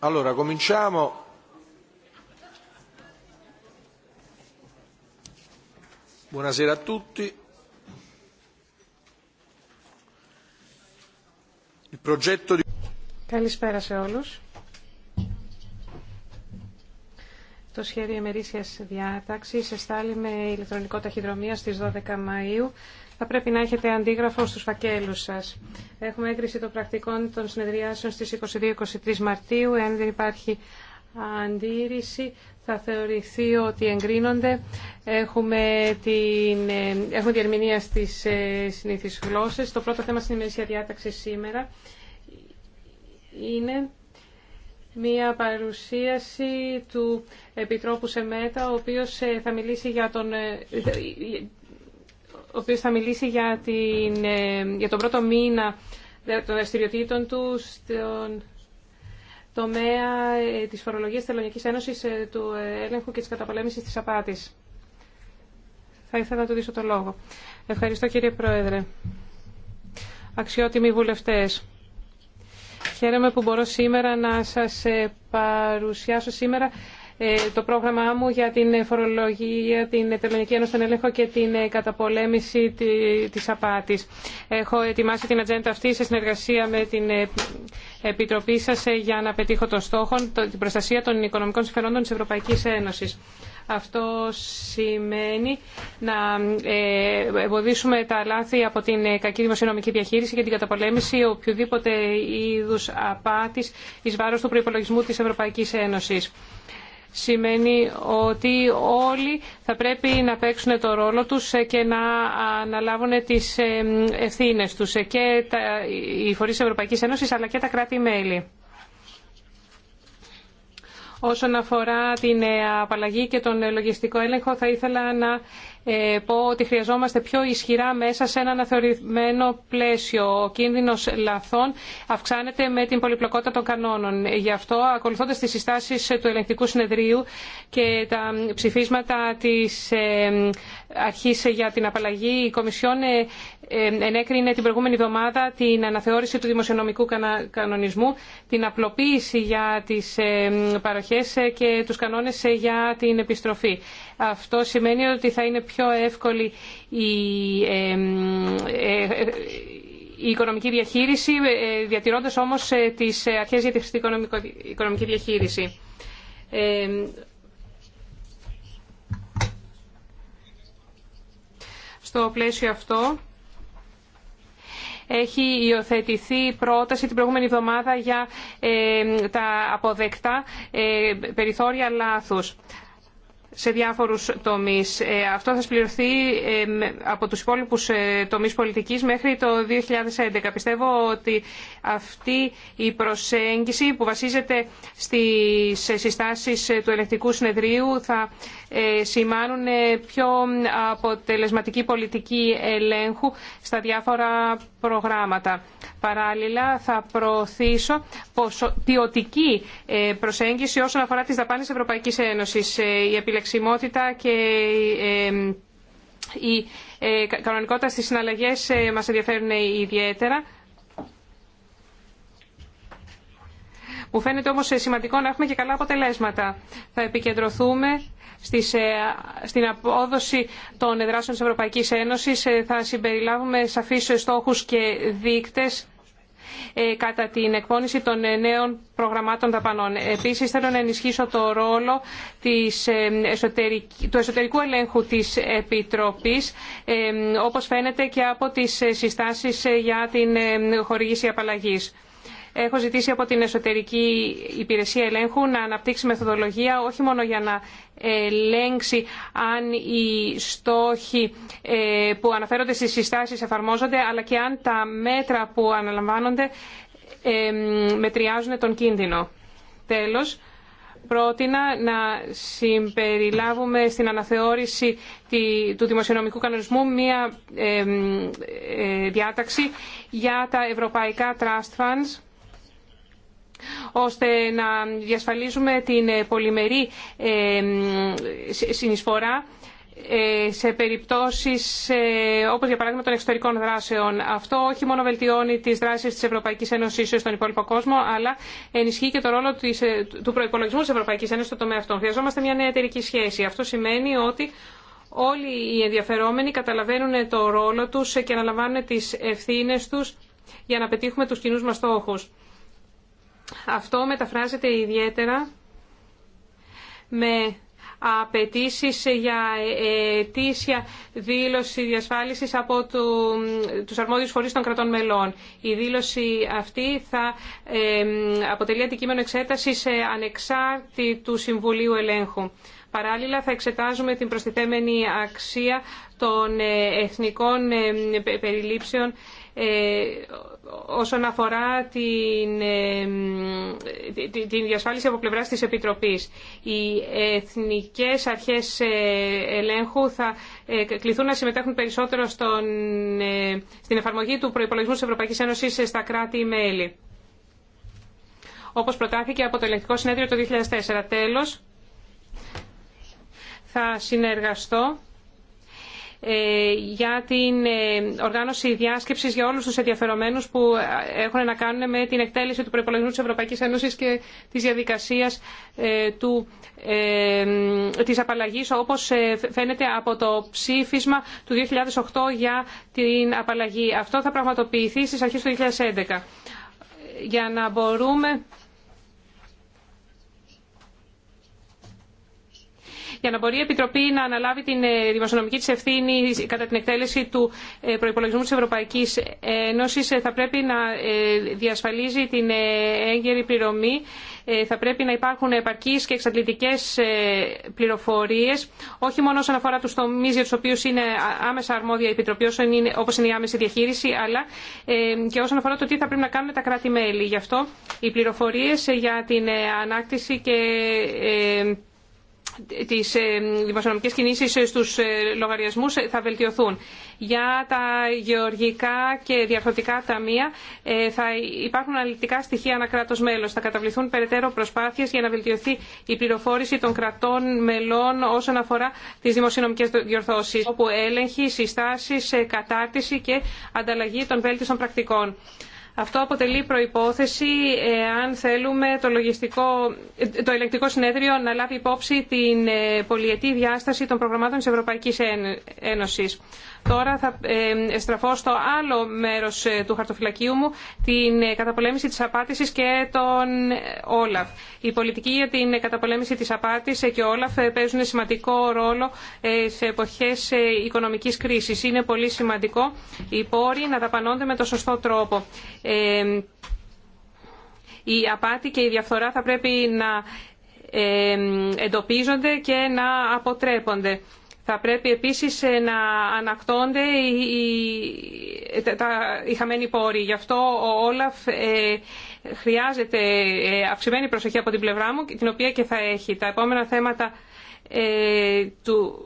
Allora, cominciamo. Buonasera a tutti. Il progetto di... Καλησπέρα σε όλους. Το σχέδιο ημερήσια διάταξη εστάλει με ηλεκτρονικό ταχυδρομείο στις 12 Μαΐου. Θα πρέπει να έχετε αντίγραφο στους φακέλους σας. Έχουμε έγκριση των πρακτικών των συνεδριάσεων στις 22-23 Μαρτίου. Εάν δεν υπάρχει αντίρρηση θα θεωρηθεί ότι εγκρίνονται. Έχουμε την, ε, έχουμε διερμηνία στις ε, συνήθεις Το πρώτο θέμα στην ημερήσια διάταξη σήμερα είναι μία παρουσίαση του Επιτρόπου Σεμέτα, ο οποίος ε, θα μιλήσει για τον, ε, οποίος θα μιλήσει για, την, ε, για τον πρώτο μήνα των δραστηριοτήτων του στον τομέα της φορολογίας της Ελληνικής Ένωσης του έλεγχου και της καταπολέμησης της απάτης. Θα ήθελα να του δείσω το λόγο. Ευχαριστώ κύριε Πρόεδρε. Αξιότιμοι βουλευτές. Χαίρομαι που μπορώ σήμερα να σας ε, παρουσιάσω σήμερα ε, το πρόγραμμά μου για την φορολογία, την Τελωνική Ένωση, τον έλεγχο και την ε, καταπολέμηση της απάτης. Έχω ετοιμάσει την ατζέντα αυτή σε συνεργασία με την Επιτροπή σας για να πετύχω τον στόχο, την προστασία των οικονομικών συμφερόντων της Ευρωπαϊκής Ένωσης. Αυτό σημαίνει να ε, εμποδίσουμε τα λάθη από την ε, κακή δημοσιονομική διαχείριση και την καταπολέμηση οποιοδήποτε είδους απάτης εις βάρος του προϋπολογισμού της Ευρωπαϊκής Ένωσης σημαίνει ότι όλοι θα πρέπει να παίξουν το ρόλο τους ε, και να αναλάβουν τις ευθύνες τους και οι φορείς της Ευρωπαϊκής Ένωσης αλλά και τα κράτη-μέλη. Όσον αφορά την ε, απαλλαγή και τον ε, λογιστικό έλεγχο, θα ήθελα να ε, πω ότι χρειαζόμαστε πιο ισχυρά μέσα σε ένα αναθεωρημένο πλαίσιο. Ο κίνδυνος λαθών αυξάνεται με την πολυπλοκότητα των κανόνων. Γι' αυτό, ακολουθώντα τις συστάσεις του ελεγκτικού συνεδρίου και τα ψηφίσματα της ε, αρχής για την απαλλαγή, η Κομισιόν ε, ενέκρινε την προηγούμενη εβδομάδα την αναθεώρηση του δημοσιονομικού κανονισμού, την απλοποίηση για τις παροχές και τους κανόνες για την επιστροφή. Αυτό σημαίνει ότι θα είναι πιο εύκολη η, ε, ε, οικονομική διαχείριση, ε, διατηρώντας όμως τις αρχές για την οικονομική διαχείριση. Στο πλαίσιο αυτό έχει υιοθετηθεί πρόταση την προηγούμενη εβδομάδα για τα αποδεκτά περιθώρια λάθους σε διάφορους τομείς. Ε, αυτό θα σπληρωθεί ε, από τους υπόλοιπους ε, τομείς πολιτικής μέχρι το 2011. Πιστεύω ότι αυτή η προσέγγιση που βασίζεται στις συστάσεις του ελεκτικού συνεδρίου θα σημάνουν πιο αποτελεσματική πολιτική ελέγχου στα διάφορα προγράμματα. Παράλληλα θα προωθήσω ποιοτική προσέγγιση όσον αφορά τις δαπάνες Ευρωπαϊκής Ένωσης. Η και ε, η ε, κανονικότητα στις συναλλαγές ε, μας ενδιαφέρουν ιδιαίτερα. Μου φαίνεται όμως σημαντικό να έχουμε και καλά αποτελέσματα. Θα επικεντρωθούμε στην απόδοση των δράσεων της Ευρωπαϊκής Ένωσης. Θα συμπεριλάβουμε σαφείς στόχους και δείκτες ε, κατά την εκπόνηση των ε, νέων προγραμμάτων δαπανών. Επίσης, θέλω να ενισχύσω το ρόλο της ε, του εσωτερικού ελέγχου της Επιτροπής, όπως φαίνεται και από τις συστάσεις για την χορήγηση απαλλαγή έχω ζητήσει από την Εσωτερική Υπηρεσία Ελέγχου να αναπτύξει μεθοδολογία όχι μόνο για να ελέγξει αν οι στόχοι ε, που αναφέρονται στις συστάσεις εφαρμόζονται, αλλά και αν τα μέτρα που αναλαμβάνονται ε, μετριάζουν τον κίνδυνο. Τέλος, πρότεινα να συμπεριλάβουμε στην αναθεώρηση του δημοσιονομικού κανονισμού μία ε, διάταξη για τα ευρωπαϊκά trust funds ώστε να διασφαλίζουμε την πολυμερή ε, συνεισφορά ε, σε περιπτώσεις ε, όπως για παράδειγμα των εξωτερικών δράσεων. Αυτό όχι μόνο βελτιώνει τις δράσεις της Ευρωπαϊκής Ένωσης στον υπόλοιπο κόσμο, αλλά ενισχύει και το ρόλο του προϋπολογισμού της Ευρωπαϊκής Ένωσης στον τομέα αυτό. Χρειαζόμαστε μια νέα εταιρική σχέση. Αυτό σημαίνει ότι όλοι οι ενδιαφερόμενοι καταλαβαίνουν το ρόλο τους και αναλαμβάνουν τις ευθύνες τους για να πετύχουμε τους κοινούς μα στόχους. Αυτό μεταφράζεται ιδιαίτερα με απαιτήσει για αιτήσια δήλωση διασφάλισης από του, τους αρμόδιους φορείς των κρατών μελών. Η δήλωση αυτή θα αποτελεί αντικείμενο εξέταση σε του Συμβουλίου Ελέγχου. Παράλληλα θα εξετάζουμε την προστιθέμενη αξία των ε, εθνικών περιλήψεων ε, όσον αφορά την, την διασφάλιση από πλευράς της Επιτροπής. Οι εθνικές αρχές ε, ελέγχου θα ε, κληθούν να συμμετέχουν περισσότερο στον, ε, στην εφαρμογή του προϋπολογισμού της Ευρωπαϊκής Ένωσης στα κράτη-μέλη. Όπως προτάθηκε από το Ελεγκτικό Συνέδριο το 2004. Τέλος, θα συνεργαστώ ε, για την ε, οργάνωση διάσκεψης για όλους τους ενδιαφερομένους που ε, έχουν να κάνουν με την εκτέλεση του προϋπολογισμού της Ευρωπαϊκής Ένωσης και της διαδικασίας του, της απαλλαγής όπως φαίνεται από το ψήφισμα του 2008 για την απαλλαγή. Αυτό θα πραγματοποιηθεί στις αρχές του 2011 για να μπορούμε για να μπορεί η Επιτροπή να αναλάβει την ε, δημοσιονομική της ευθύνη κατά την εκτέλεση του ε, προϋπολογισμού της Ευρωπαϊκής Ένωσης ε, θα πρέπει να διασφαλίζει την έγκαιρη πληρωμή θα πρέπει να υπάρχουν επαρκεί και εξαντλητικέ πληροφορίε, όχι μόνο όσον αφορά του τομεί για του οποίου είναι άμεσα αρμόδια η Επιτροπή, όπω είναι η άμεση διαχείριση, αλλά και όσον αφορά το τι θα πρέπει να κάνουν τα κράτη-μέλη. Γι' αυτό οι πληροφορίες για την ανάκτηση και τις ε, δημοσιονομικές κινήσεις ε, στους ε, λογαριασμού θα βελτιωθούν. Για τα γεωργικά και διαφορετικά ταμεία θα υπάρχουν αναλυτικά στοιχεία ανά κράτο μέλο. Θα καταβληθούν περαιτέρω προσπάθειε για να βελτιωθεί η πληροφόρηση των κρατών μελών όσον αφορά τι δημοσιονομικέ διορθώσει, όπου έλεγχη, συστάσεις, κατάρτιση και ανταλλαγή των βέλτιστων πρακτικών. Αυτό αποτελεί προϋπόθεση αν θέλουμε το, ελεγκτικό συνέδριο να λάβει υπόψη την ε, πολιετή διάσταση των προγραμμάτων της Ευρωπαϊκής Ένωσης. Τώρα θα ε, στραφώ στο άλλο μέρος ε, του χαρτοφυλακίου μου, την ε, καταπολέμηση της απάτησης και τον Όλαφ. Η πολιτική για την καταπολέμηση της απάτης και ο Όλαφ παίζουν σημαντικό ρόλο σε εποχές οικονομικής κρίσης. Είναι πολύ σημαντικό οι πόροι να δαπανώνται με το σωστό τρόπο. Η απάτη και η διαφθορά θα πρέπει να εντοπίζονται και να αποτρέπονται. Θα πρέπει επίσης ε, να ανακτώνται οι χαμένοι πόροι. Γι' αυτό ο Όλαφ ε, χρειάζεται ε, αυξημένη προσοχή από την πλευρά μου, την οποία και θα έχει. Τα επόμενα θέματα του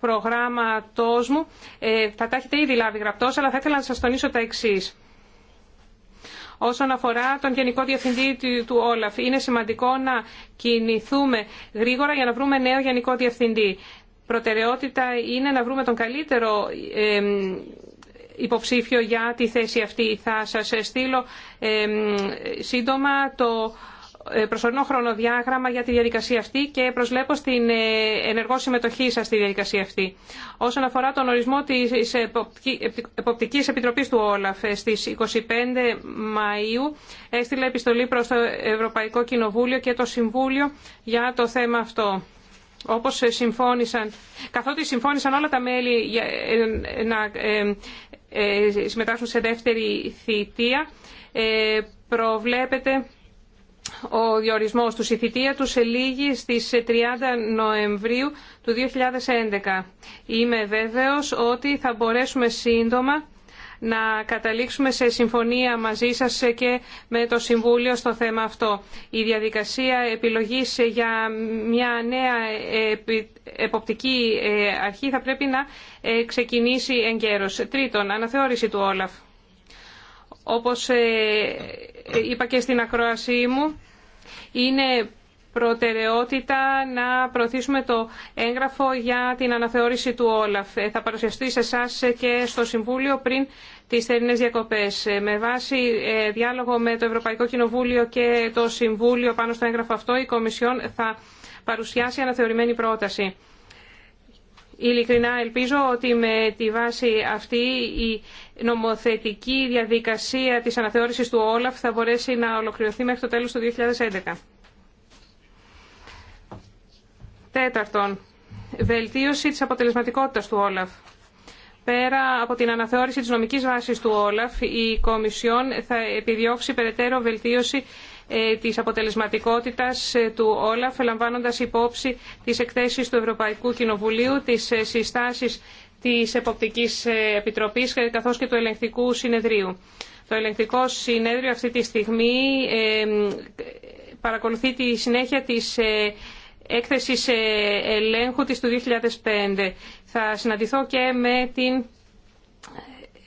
προγράμματός μου θα τα έχετε ήδη λάβει γραπτός, αλλά θα ήθελα να σας τονίσω τα εξής. Όσον αφορά τον Γενικό Διευθυντή του Όλαφ, είναι σημαντικό να κινηθούμε γρήγορα για να βρούμε νέο Γενικό Διευθυντή προτεραιότητα είναι να βρούμε τον καλύτερο υποψήφιο για τη θέση αυτή. Θα σας στείλω σύντομα το ε, προσωρινό χρονοδιάγραμμα για τη διαδικασία αυτή και προσλέπω στην ε, ενεργό συμμετοχή σας στη διαδικασία αυτή. Όσον αφορά τον ορισμό της Εποπτικής Επιτροπής του Όλαφ ε, στις 25 Μαΐου έστειλε επιστολή προς το Ευρωπαϊκό Κοινοβούλιο και το Συμβούλιο για το θέμα αυτό όπως ε, συμφώνησαν, καθότι συμφώνησαν όλα τα μέλη ε, να ε, συμμετάσχουν σε δεύτερη θητεία, προβλέπεται ο διορισμός του. Η θητεία του σε λίγη στις 30 Νοεμβρίου του 2011. Είμαι βέβαιος ότι θα μπορέσουμε σύντομα να καταλήξουμε σε συμφωνία μαζί σας και με το Συμβούλιο στο θέμα αυτό. Η διαδικασία επιλογής για μια νέα εποπτική ε, αρχή θα πρέπει να ε, ξεκινήσει εγκαίρως. Τρίτον, αναθεώρηση του Όλαφ. Όπως ε, είπα και στην ακρόασή μου, είναι προτεραιότητα να προωθήσουμε το έγγραφο για την αναθεώρηση του Όλαφ. Ε, θα παρουσιαστεί σε εσά και στο Συμβούλιο πριν τις θερινές διακοπές. Ε, με βάση ε, διάλογο με το Ευρωπαϊκό Κοινοβούλιο και το Συμβούλιο πάνω στο έγγραφο αυτό, η Κομισιόν θα παρουσιάσει αναθεωρημένη πρόταση. Ειλικρινά ελπίζω ότι με τη βάση αυτή η νομοθετική διαδικασία της αναθεώρησης του Όλαφ θα μπορέσει να ολοκληρωθεί μέχρι το τέλος του 2011. Τέταρτον, βελτίωση της αποτελεσματικότητας του Όλαφ. Πέρα από την αναθεώρηση της νομικής βάσης του Όλαφ, η Κομισιόν θα επιδιώξει περαιτέρω βελτίωση ε, της αποτελεσματικότητας ε, του Όλαφ, λαμβάνοντας υπόψη τις εκθέσεις του Ευρωπαϊκού Κοινοβουλίου, τις ε, συστάσεις της Εποπτικής Επιτροπής, καθώς και του Ελεγκτικού Συνεδρίου. Το Ελεγκτικό Συνέδριο αυτή τη στιγμή παρακολουθεί τη συνέχεια της σε ελέγχου της του 2005. Θα συναντηθώ και με την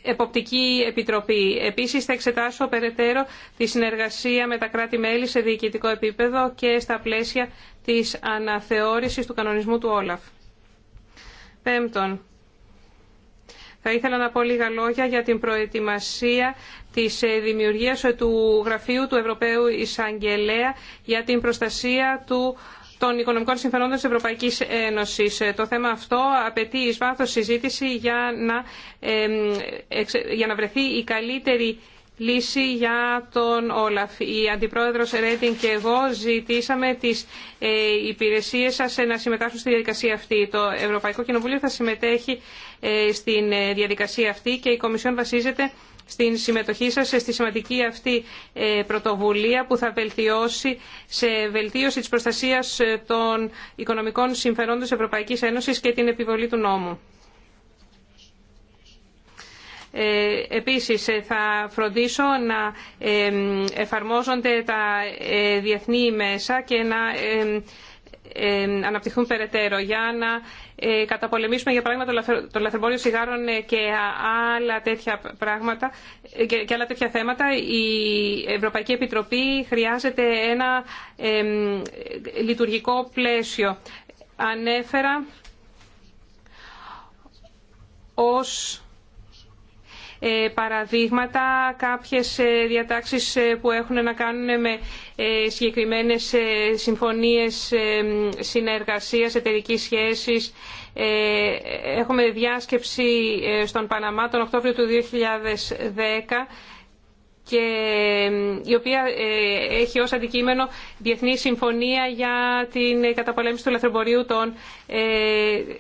Εποπτική Επιτροπή. Επίσης θα εξετάσω περαιτέρω τη συνεργασία με τα κράτη-μέλη σε διοικητικό επίπεδο και στα πλαίσια της αναθεώρησης του κανονισμού του Όλαφ. Πέμπτον, θα ήθελα να πω λίγα λόγια για την προετοιμασία της ε, δημιουργίας του Γραφείου του Ευρωπαίου Εισαγγελέα για την προστασία του των οικονομικών συμφερόντων της Ευρωπαϊκής Ένωσης. Ε, το θέμα αυτό απαιτεί εις βάθος συζήτηση για να, ε, για να βρεθεί η καλύτερη λύση για τον Όλαφ. Η Αντιπρόεδρος Ρέντιν και εγώ ζητήσαμε τις ε, υπηρεσίες σας να συμμετάσχουν στη διαδικασία αυτή. Το Ευρωπαϊκό Κοινοβούλιο θα συμμετέχει ε, στη ε, διαδικασία αυτή και η Κομισιόν βασίζεται στην συμμετοχή σας στη σημαντική αυτή ε, πρωτοβουλία που θα βελτιώσει σε βελτίωση της προστασίας των οικονομικών συμφερόντων της Ευρωπαϊκής Ένωσης και την επιβολή του νόμου. Ε, επίσης, ε, θα φροντίσω να ε, εφαρμόζονται τα διεθνή μέσα και να αναπτυχθούν περαιτέρω για να καταπολεμήσουμε για παράδειγμα το λαθρεμπόριο σιγάρων και άλλα τέτοια πράγματα και άλλα τέτοια θέματα η Ευρωπαϊκή Επιτροπή χρειάζεται ένα λειτουργικό πλαίσιο. Ανέφερα ως ε, παραδείγματα, κάποιες ε, διατάξεις ε, που έχουν να κάνουν με συγκεκριμένες συμφωνίες συνεργασίας, εταιρικής σχέσης. Έχουμε διάσκεψη στον Παναμά τον Οκτώβριο του 2010 και η οποία ε, έχει ως αντικείμενο Διεθνή Συμφωνία για την ε, καταπολέμηση του ελευθερμπορίου των ε,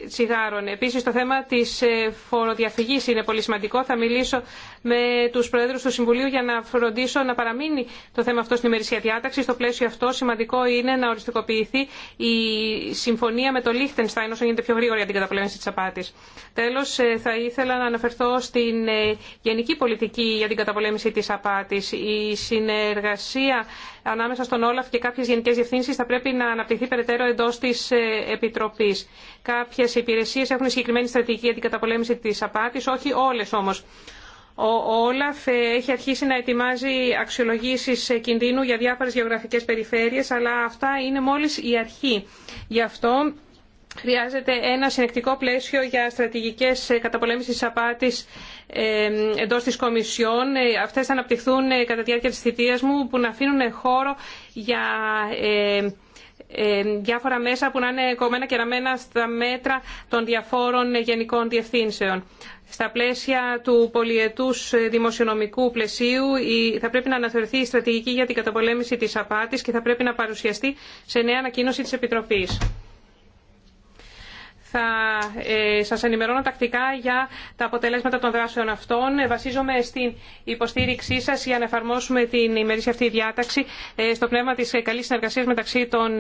τσιγάρων. Επίσης το θέμα της φοροδιαφυγής είναι πολύ σημαντικό. Θα μιλήσω με τους Προέδρους του Συμβουλίου για να φροντίσω να παραμείνει το θέμα αυτό στην ημερησία διάταξη. Στο πλαίσιο αυτό σημαντικό είναι να οριστικοποιηθεί η συμφωνία με το Λίχτενστάιν όσο γίνεται πιο γρήγορα για την καταπολέμηση της απάτης. Τέλος θα ήθελα να αναφερθώ στην γενική πολιτική για την καταπολέμηση της απάτης η συνεργασία ανάμεσα στον Όλαφ και κάποιες γενικές διευθύνσεις θα πρέπει να αναπτυχθεί περαιτέρω εντός της ε, Επιτροπής. Κάποιες υπηρεσίες έχουν συγκεκριμένη στρατηγική αντικαταπολέμηση της απάτης, όχι όλες όμως. Ο Όλαφ ε, έχει αρχίσει να ετοιμάζει αξιολογήσεις ε, κινδύνου για διάφορες γεωγραφικές περιφέρειες, αλλά αυτά είναι μόλις η αρχή. Γι' αυτό Χρειάζεται ένα συνεκτικό πλαίσιο για στρατηγικές καταπολέμησης απάτης εντός της Κομισιόν. Ε, αυτές θα αναπτυχθούν ε, κατά τη διάρκεια της θητείας μου που να αφήνουν χώρο για ε, διάφορα μέσα που να είναι κομμένα και ραμμένα στα μέτρα των διαφόρων γενικών διευθύνσεων. Στα πλαίσια του πολιετούς δημοσιονομικού πλαισίου θα πρέπει να αναθεωρηθεί η στρατηγική για την καταπολέμηση της απάτης και θα πρέπει να παρουσιαστεί σε νέα ανακοίνωση της επιτροπή. Θα ε, σας ενημερώνω τακτικά για τα αποτελέσματα των δράσεων αυτών. Ε, βασίζομαι στην υποστήριξή σας για να εφαρμόσουμε την ημερήσια αυτή διάταξη ε, στο πνεύμα της καλής συνεργασίας μεταξύ των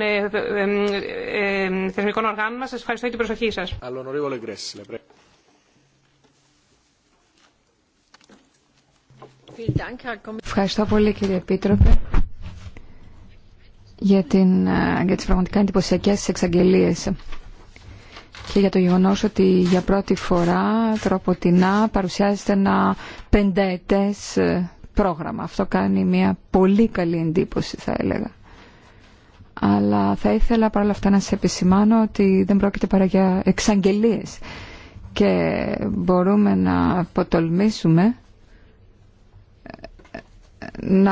θεσμικών οργάνων μας. Σας ευχαριστώ για την προσοχή σας. Ευχαριστώ πολύ κύριε Επίτροπε για, την, για τις πραγματικά εντυπωσιακές εξαγγελίες και για το γεγονός ότι για πρώτη φορά τροποτινά παρουσιάζεται ένα πενταετές ε, πρόγραμμα. Αυτό κάνει μια πολύ καλή εντύπωση θα έλεγα. Αλλά θα ήθελα παρόλα αυτά να σε επισημάνω ότι δεν πρόκειται παρά για εξαγγελίες και μπορούμε να αποτολμήσουμε ε, ε, να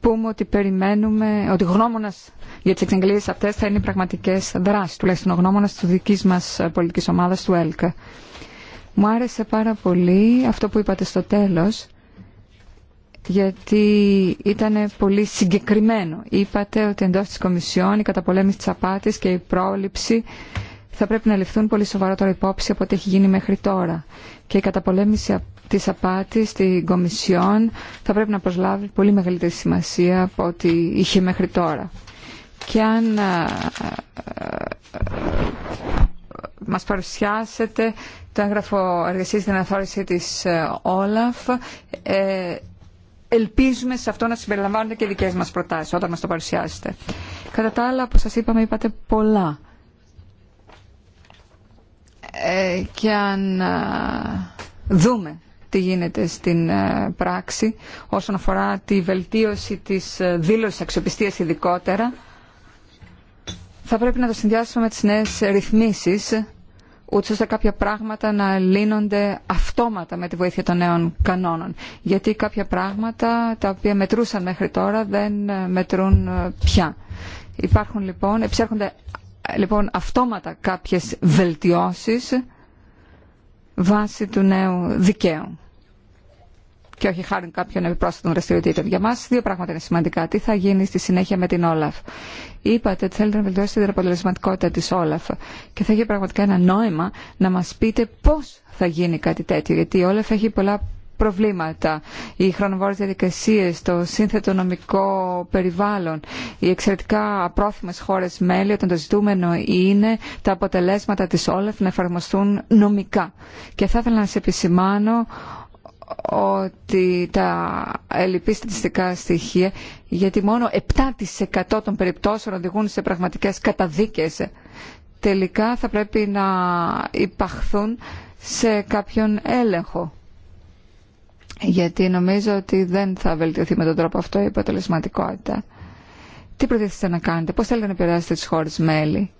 πούμε ότι περιμένουμε, ότι γνώμονας για τις εξεγγελίες αυτές θα είναι οι πραγματικές δράσεις, τουλάχιστον ο γνώμονας της δικής μας πολιτικής ομάδας του ΕΛΚΑ. Μου άρεσε πάρα πολύ αυτό που είπατε στο τέλος, γιατί ήταν πολύ συγκεκριμένο. Είπατε ότι εντός της Κομισιόν η καταπολέμηση της απάτης και η πρόληψη θα πρέπει να ληφθούν πολύ σοβαρότερα τώρα υπόψη από ό,τι έχει γίνει μέχρι τώρα. Και η καταπολέμηση της απάτης στην Κομισιόν θα πρέπει να προσλάβει πολύ μεγαλύτερη σημασία από ό,τι είχε μέχρι τώρα και αν ε, ε, ε, μας παρουσιάσετε το έγγραφο εργασίας στην αναθόρυση της Όλαφ. ελπίζουμε σε αυτό να συμπεριλαμβάνονται και δικές μας προτάσεις όταν μας το παρουσιάσετε. Κατά τα άλλα, όπως σας είπαμε, είπατε πολλά. Ε, και αν δούμε τι γίνεται στην πράξη όσον αφορά τη βελτίωση της δήλωσης αξιοπιστίας ειδικότερα, θα πρέπει να το συνδυάσουμε με τις νέες ρυθμίσεις, ούτως ώστε κάποια πράγματα να λύνονται αυτόματα με τη βοήθεια των νέων κανόνων. Γιατί κάποια πράγματα τα οποία μετρούσαν μέχρι τώρα δεν μετρούν ε, πια. Υπάρχουν λοιπόν, εψέρχονται λοιπόν αυτόματα κάποιες βελτιώσεις βάσει του νέου δικαίου και όχι χάρη κάποιων επιπρόσθετων δραστηριοτήτων. Για μα, δύο πράγματα είναι σημαντικά. Τι θα γίνει στη συνέχεια με την Όλαφ. Είπατε ότι θέλετε να βελτιώσετε την αποτελεσματικότητα τη Όλαφ και θα έχει πραγματικά ένα νόημα να μα πείτε πώ θα γίνει κάτι τέτοιο. Γιατί η Όλαφ έχει πολλά προβλήματα, οι χρονοβόρες διαδικασίες, το σύνθετο νομικό περιβάλλον, οι εξαιρετικά απρόθυμες χώρες μέλη, όταν το ζητούμενο είναι τα αποτελέσματα τη Όλαφ να εφαρμοστούν νομικά. Και θα ήθελα να σα επισημάνω ότι τα ελλειπή στατιστικά στοιχεία, γιατί μόνο 7% των περιπτώσεων οδηγούν σε πραγματικές καταδίκες, τελικά θα πρέπει να υπαχθούν σε κάποιον έλεγχο. Γιατί νομίζω ότι δεν θα βελτιωθεί με τον τρόπο αυτό η αποτελεσματικότητα. Τι προτείνετε να κάνετε, πώς θέλετε να επηρεάσετε τις χώρες μέλη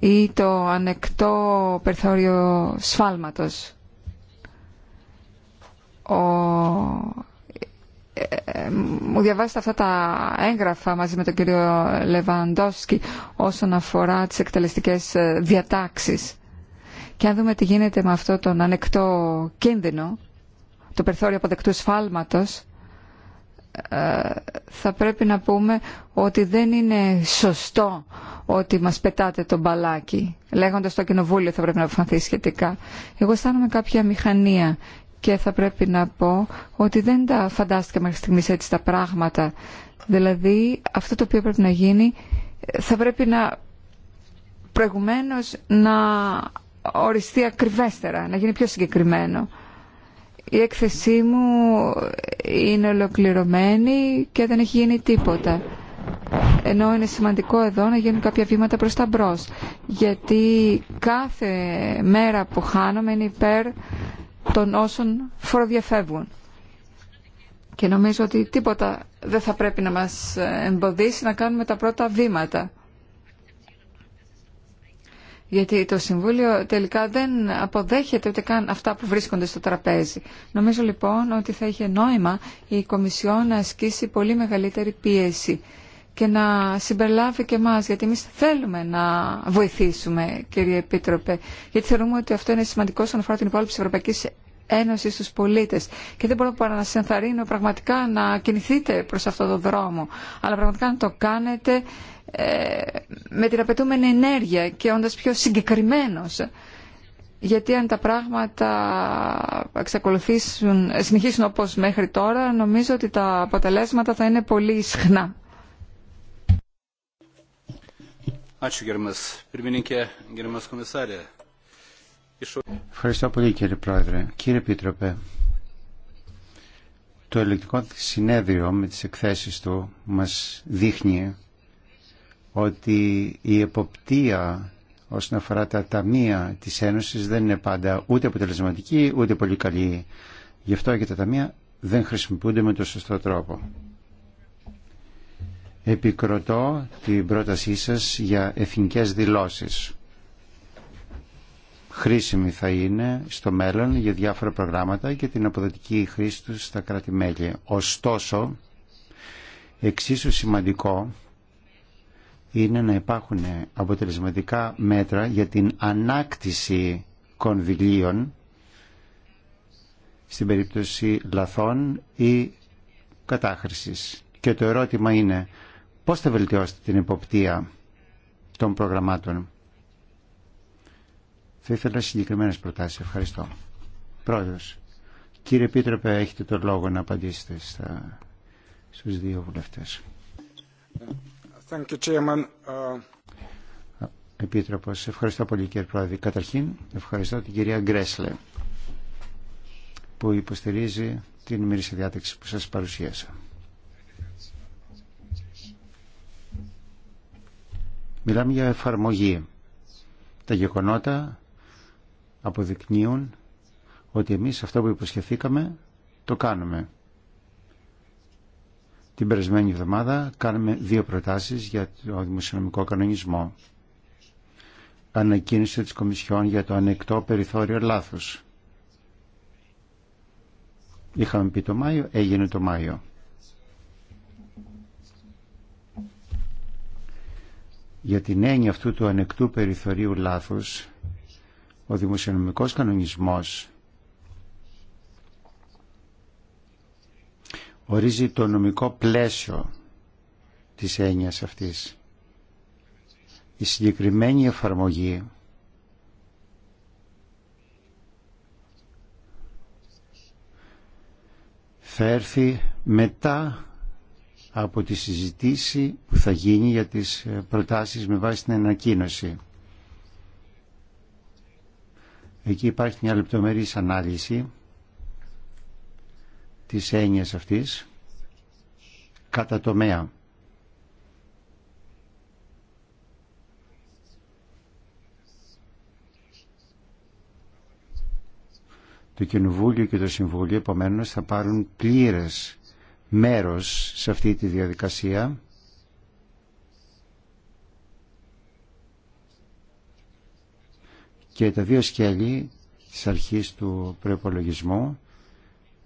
ή το ανεκτό περιθώριο σφάλματος ο... Ε, ε, μου διαβάσετε αυτά τα έγγραφα μαζί με τον κύριο Λεβαντόσκι όσον αφορά τις εκτελεστικές ε, διατάξεις. Και αν δούμε τι γίνεται με αυτό τον ανεκτό κίνδυνο, το περιθώριο αποδεκτού σφάλματος, θα πρέπει να πούμε ότι δεν είναι σωστό ότι μας πετάτε το μπαλάκι. Λέγοντας το κοινοβούλιο θα πρέπει να αποφανθεί σχετικά. Εγώ αισθάνομαι κάποια μηχανία και θα πρέπει να πω ότι δεν τα φαντάστηκα μέχρι στιγμής έτσι τα πράγματα. Δηλαδή αυτό το οποίο πρέπει να γίνει θα πρέπει να προηγουμένως να οριστεί ακριβέστερα, να γίνει πιο συγκεκριμένο. Η έκθεσή μου είναι ολοκληρωμένη και δεν έχει γίνει τίποτα. Ενώ είναι σημαντικό εδώ να γίνουν κάποια βήματα προς τα μπρος. Γιατί κάθε μέρα που χάνομαι είναι υπέρ των όσων φοροδιαφεύγουν. Και νομίζω ότι τίποτα δεν θα πρέπει να μας εμποδίσει να κάνουμε τα πρώτα βήματα. Γιατί το Συμβούλιο τελικά δεν αποδέχεται ούτε καν αυτά που βρίσκονται στο τραπέζι. Νομίζω λοιπόν ότι θα είχε νόημα η Κομισιόν να ασκήσει πολύ μεγαλύτερη πίεση και να συμπεριλάβει και εμάς, γιατί εμείς θέλουμε να βοηθήσουμε, κύριε Επίτροπε, γιατί θεωρούμε ότι αυτό είναι σημαντικό όσον αφορά την υπόλοιπη Ευρωπαϊκή Ένωση στου στους πολίτες. Και δεν μπορώ παρά να σα ενθαρρύνω πραγματικά να κινηθείτε προ αυτόν τον δρόμο, αλλά πραγματικά να το κάνετε ε, με την απαιτούμενη ενέργεια και όντα πιο συγκεκριμένος. Γιατί αν τα πράγματα συνεχίσουν όπως μέχρι τώρα, νομίζω ότι τα αποτελέσματα θα είναι πολύ ισχνά. Ευχαριστώ πολύ κύριε Πρόεδρε. Κύριε Πίτροπε, το ελεκτικό συνέδριο με τις εκθέσεις του μας δείχνει ότι η εποπτεία όσον αφορά τα ταμεία της Ένωσης δεν είναι πάντα ούτε αποτελεσματική ούτε πολύ καλή. Γι' αυτό και τα ταμεία δεν χρησιμοποιούνται με τον σωστό τρόπο επικροτώ την πρότασή σας για εθνικές δηλώσεις. Χρήσιμη θα είναι στο μέλλον για διάφορα προγράμματα και την αποδοτική χρήση τους στα κράτη-μέλη. Ωστόσο, εξίσου σημαντικό είναι να υπάρχουν αποτελεσματικά μέτρα για την ανάκτηση κονδυλίων στην περίπτωση λαθών ή κατάχρησης. Και το ερώτημα είναι Πώς θα βελτιώσετε την υποπτία των προγραμμάτων. Θα ήθελα συγκεκριμένες προτάσεις. Ευχαριστώ. Πρόεδρος. Κύριε Επίτροπε, έχετε το λόγο να απαντήσετε στα... στους δύο βουλευτές. Thank ευχαριστώ πολύ κύριε Πρόεδρε. Καταρχήν, ευχαριστώ την κυρία Γκρέσλε που υποστηρίζει την ημερήσια διάταξη που σας παρουσίασα. Μιλάμε για εφαρμογή. Τα γεγονότα αποδεικνύουν ότι εμείς αυτό που υποσχεθήκαμε το κάνουμε. Την περασμένη εβδομάδα κάναμε δύο προτάσεις για το δημοσιονομικό κανονισμό. Ανακοίνωση της Κομισιόν για το ανεκτό περιθώριο λάθους. Είχαμε πει το Μάιο, έγινε το Μάιο. Για την έννοια αυτού του ανεκτού περιθωρίου λάθους, ο δημοσιονομικός κανονισμός ορίζει το νομικό πλαίσιο της έννοιας αυτής. Η συγκεκριμένη εφαρμογή θα έρθει μετά από τη συζητήση που θα γίνει για τις ε, προτάσεις με βάση την ανακοίνωση. Εκεί υπάρχει μια λεπτομερής ανάλυση της έννοιας αυτής κατά τομέα. Το Κοινοβούλιο και το Συμβούλιο επομένως θα πάρουν πλήρες μέρος σε αυτή τη διαδικασία. Και τα δύο σκέλη της αρχής του προπολογισμού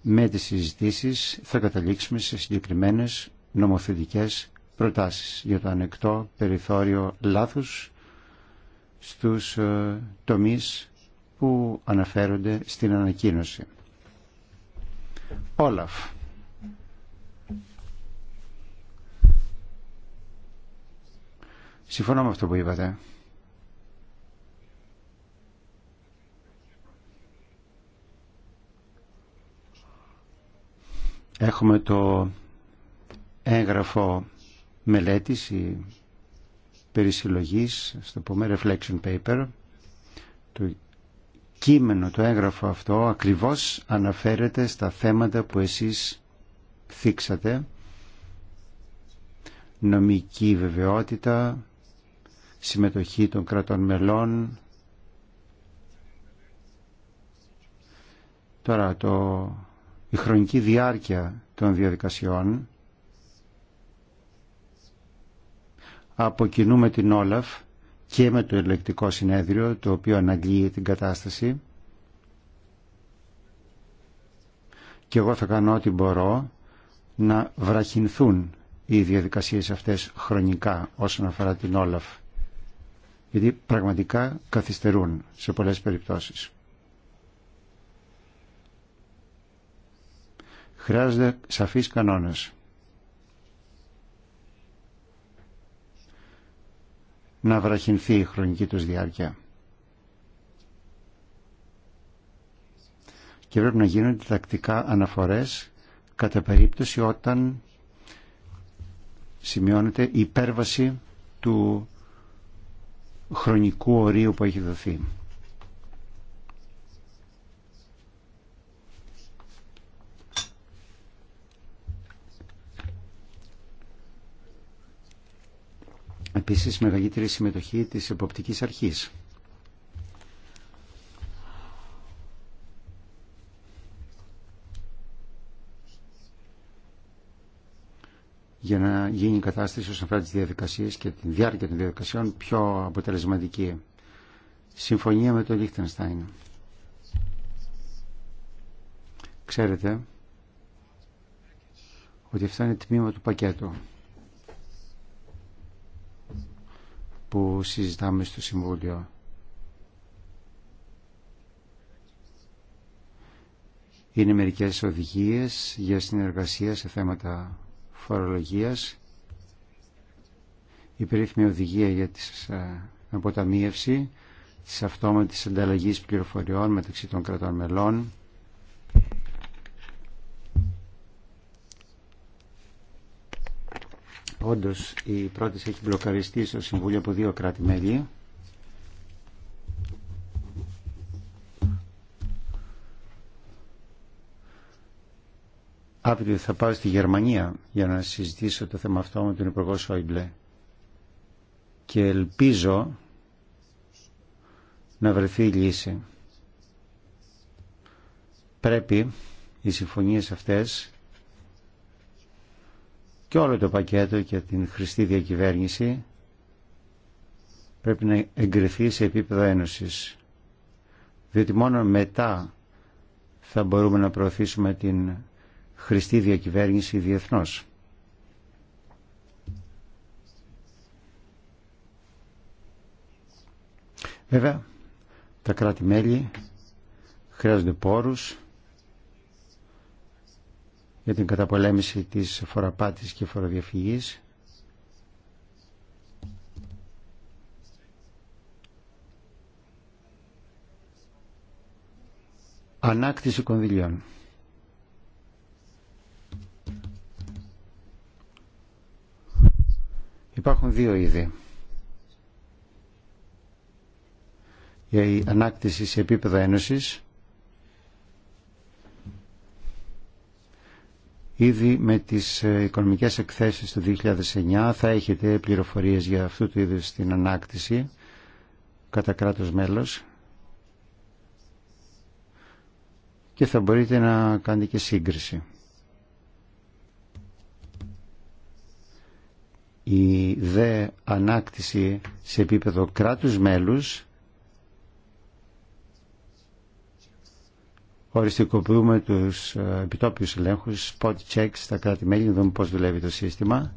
με τις συζητήσεις θα καταλήξουμε σε συγκεκριμένες νομοθετικές προτάσεις για το ανεκτό περιθώριο λάθους στους ε, τομείς που αναφέρονται στην ανακοίνωση. Όλαφ. Συμφωνώ με αυτό που είπατε. Έχουμε το έγγραφο μελέτης ή περισυλλογής, στο πούμε reflection paper. Το κείμενο, το έγγραφο αυτό ακριβώς αναφέρεται στα θέματα που εσείς θίξατε. Νομική βεβαιότητα, συμμετοχή των κρατών μελών. Τώρα το, η χρονική διάρκεια των διαδικασιών αποκινούμε την Όλαφ και με το ελεκτικό συνέδριο το οποίο αναλύει την κατάσταση και εγώ θα κάνω ό,τι μπορώ να βραχυνθούν οι διαδικασίες αυτές χρονικά όσον αφορά την Όλαφ γιατί πραγματικά καθυστερούν σε πολλές περιπτώσεις. Χρειάζονται σαφείς κανόνες. Να βραχυνθεί η χρονική τους διάρκεια. Και πρέπει να γίνονται τακτικά αναφορές κατά περίπτωση όταν σημειώνεται η υπέρβαση του χρονικού ορίου που έχει δοθεί. Επίσης μεγαλύτερη συμμετοχή της εποπτικής αρχής. για να γίνει η κατάσταση όσον αφορά τις διαδικασίες και τη διάρκεια των διαδικασιών πιο αποτελεσματική. Συμφωνία με τον Λίχτενστάιν. Ξέρετε ότι αυτό είναι τμήμα του πακέτου που συζητάμε στο Συμβούλιο. Είναι μερικές οδηγίες για συνεργασία σε θέματα φορολογίας η περίφημη οδηγία για τη ε, αποταμίευση της αυτόματης ανταλλαγής πληροφοριών μεταξύ των κρατών μελών Όντως η πρόταση έχει μπλοκαριστεί στο Συμβούλιο από δύο κράτη-μέλη Αύριο θα πάω στη Γερμανία για να συζητήσω το θέμα αυτό με τον Υπουργό Σόιμπλε και ελπίζω να βρεθεί η λύση. Πρέπει οι συμφωνίες αυτές και όλο το πακέτο και την χρηστή διακυβέρνηση πρέπει να εγκριθεί σε επίπεδο ένωσης. Διότι μόνο μετά θα μπορούμε να προωθήσουμε την χρηστή διακυβέρνηση διεθνώς. Βέβαια, τα κράτη-μέλη χρειάζονται πόρους για την καταπολέμηση της φοραπάτης και φοροδιαφυγής. Ανάκτηση κονδυλιών. Υπάρχουν δύο είδη. Η ανάκτηση σε επίπεδο ένωσης Ήδη με τις ε, οικονομικές εκθέσεις του 2009 θα έχετε πληροφορίες για αυτού του είδους την ανάκτηση κατά κράτος μέλος και θα μπορείτε να κάνετε και σύγκριση. Η δε ανάκτηση σε επίπεδο κράτους μέλους οριστικοποιούμε τους ε, επιτόπιους ελέγχους, spot checks στα κράτη-μέλη, να δούμε πώς δουλεύει το σύστημα.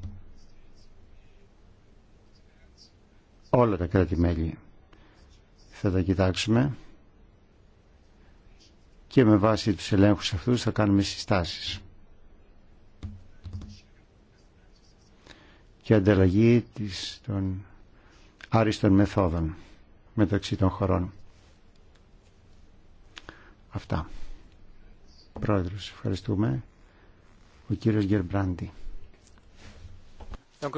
Όλα τα κράτη-μέλη θα τα κοιτάξουμε και με βάση τους ελέγχους αυτούς θα κάνουμε συστάσεις. και ανταλλαγή της, των άριστων μεθόδων μεταξύ των χωρών. Αυτά. Πρόεδρος, ευχαριστούμε. Ο κύριος Γερμπράντι. Eh,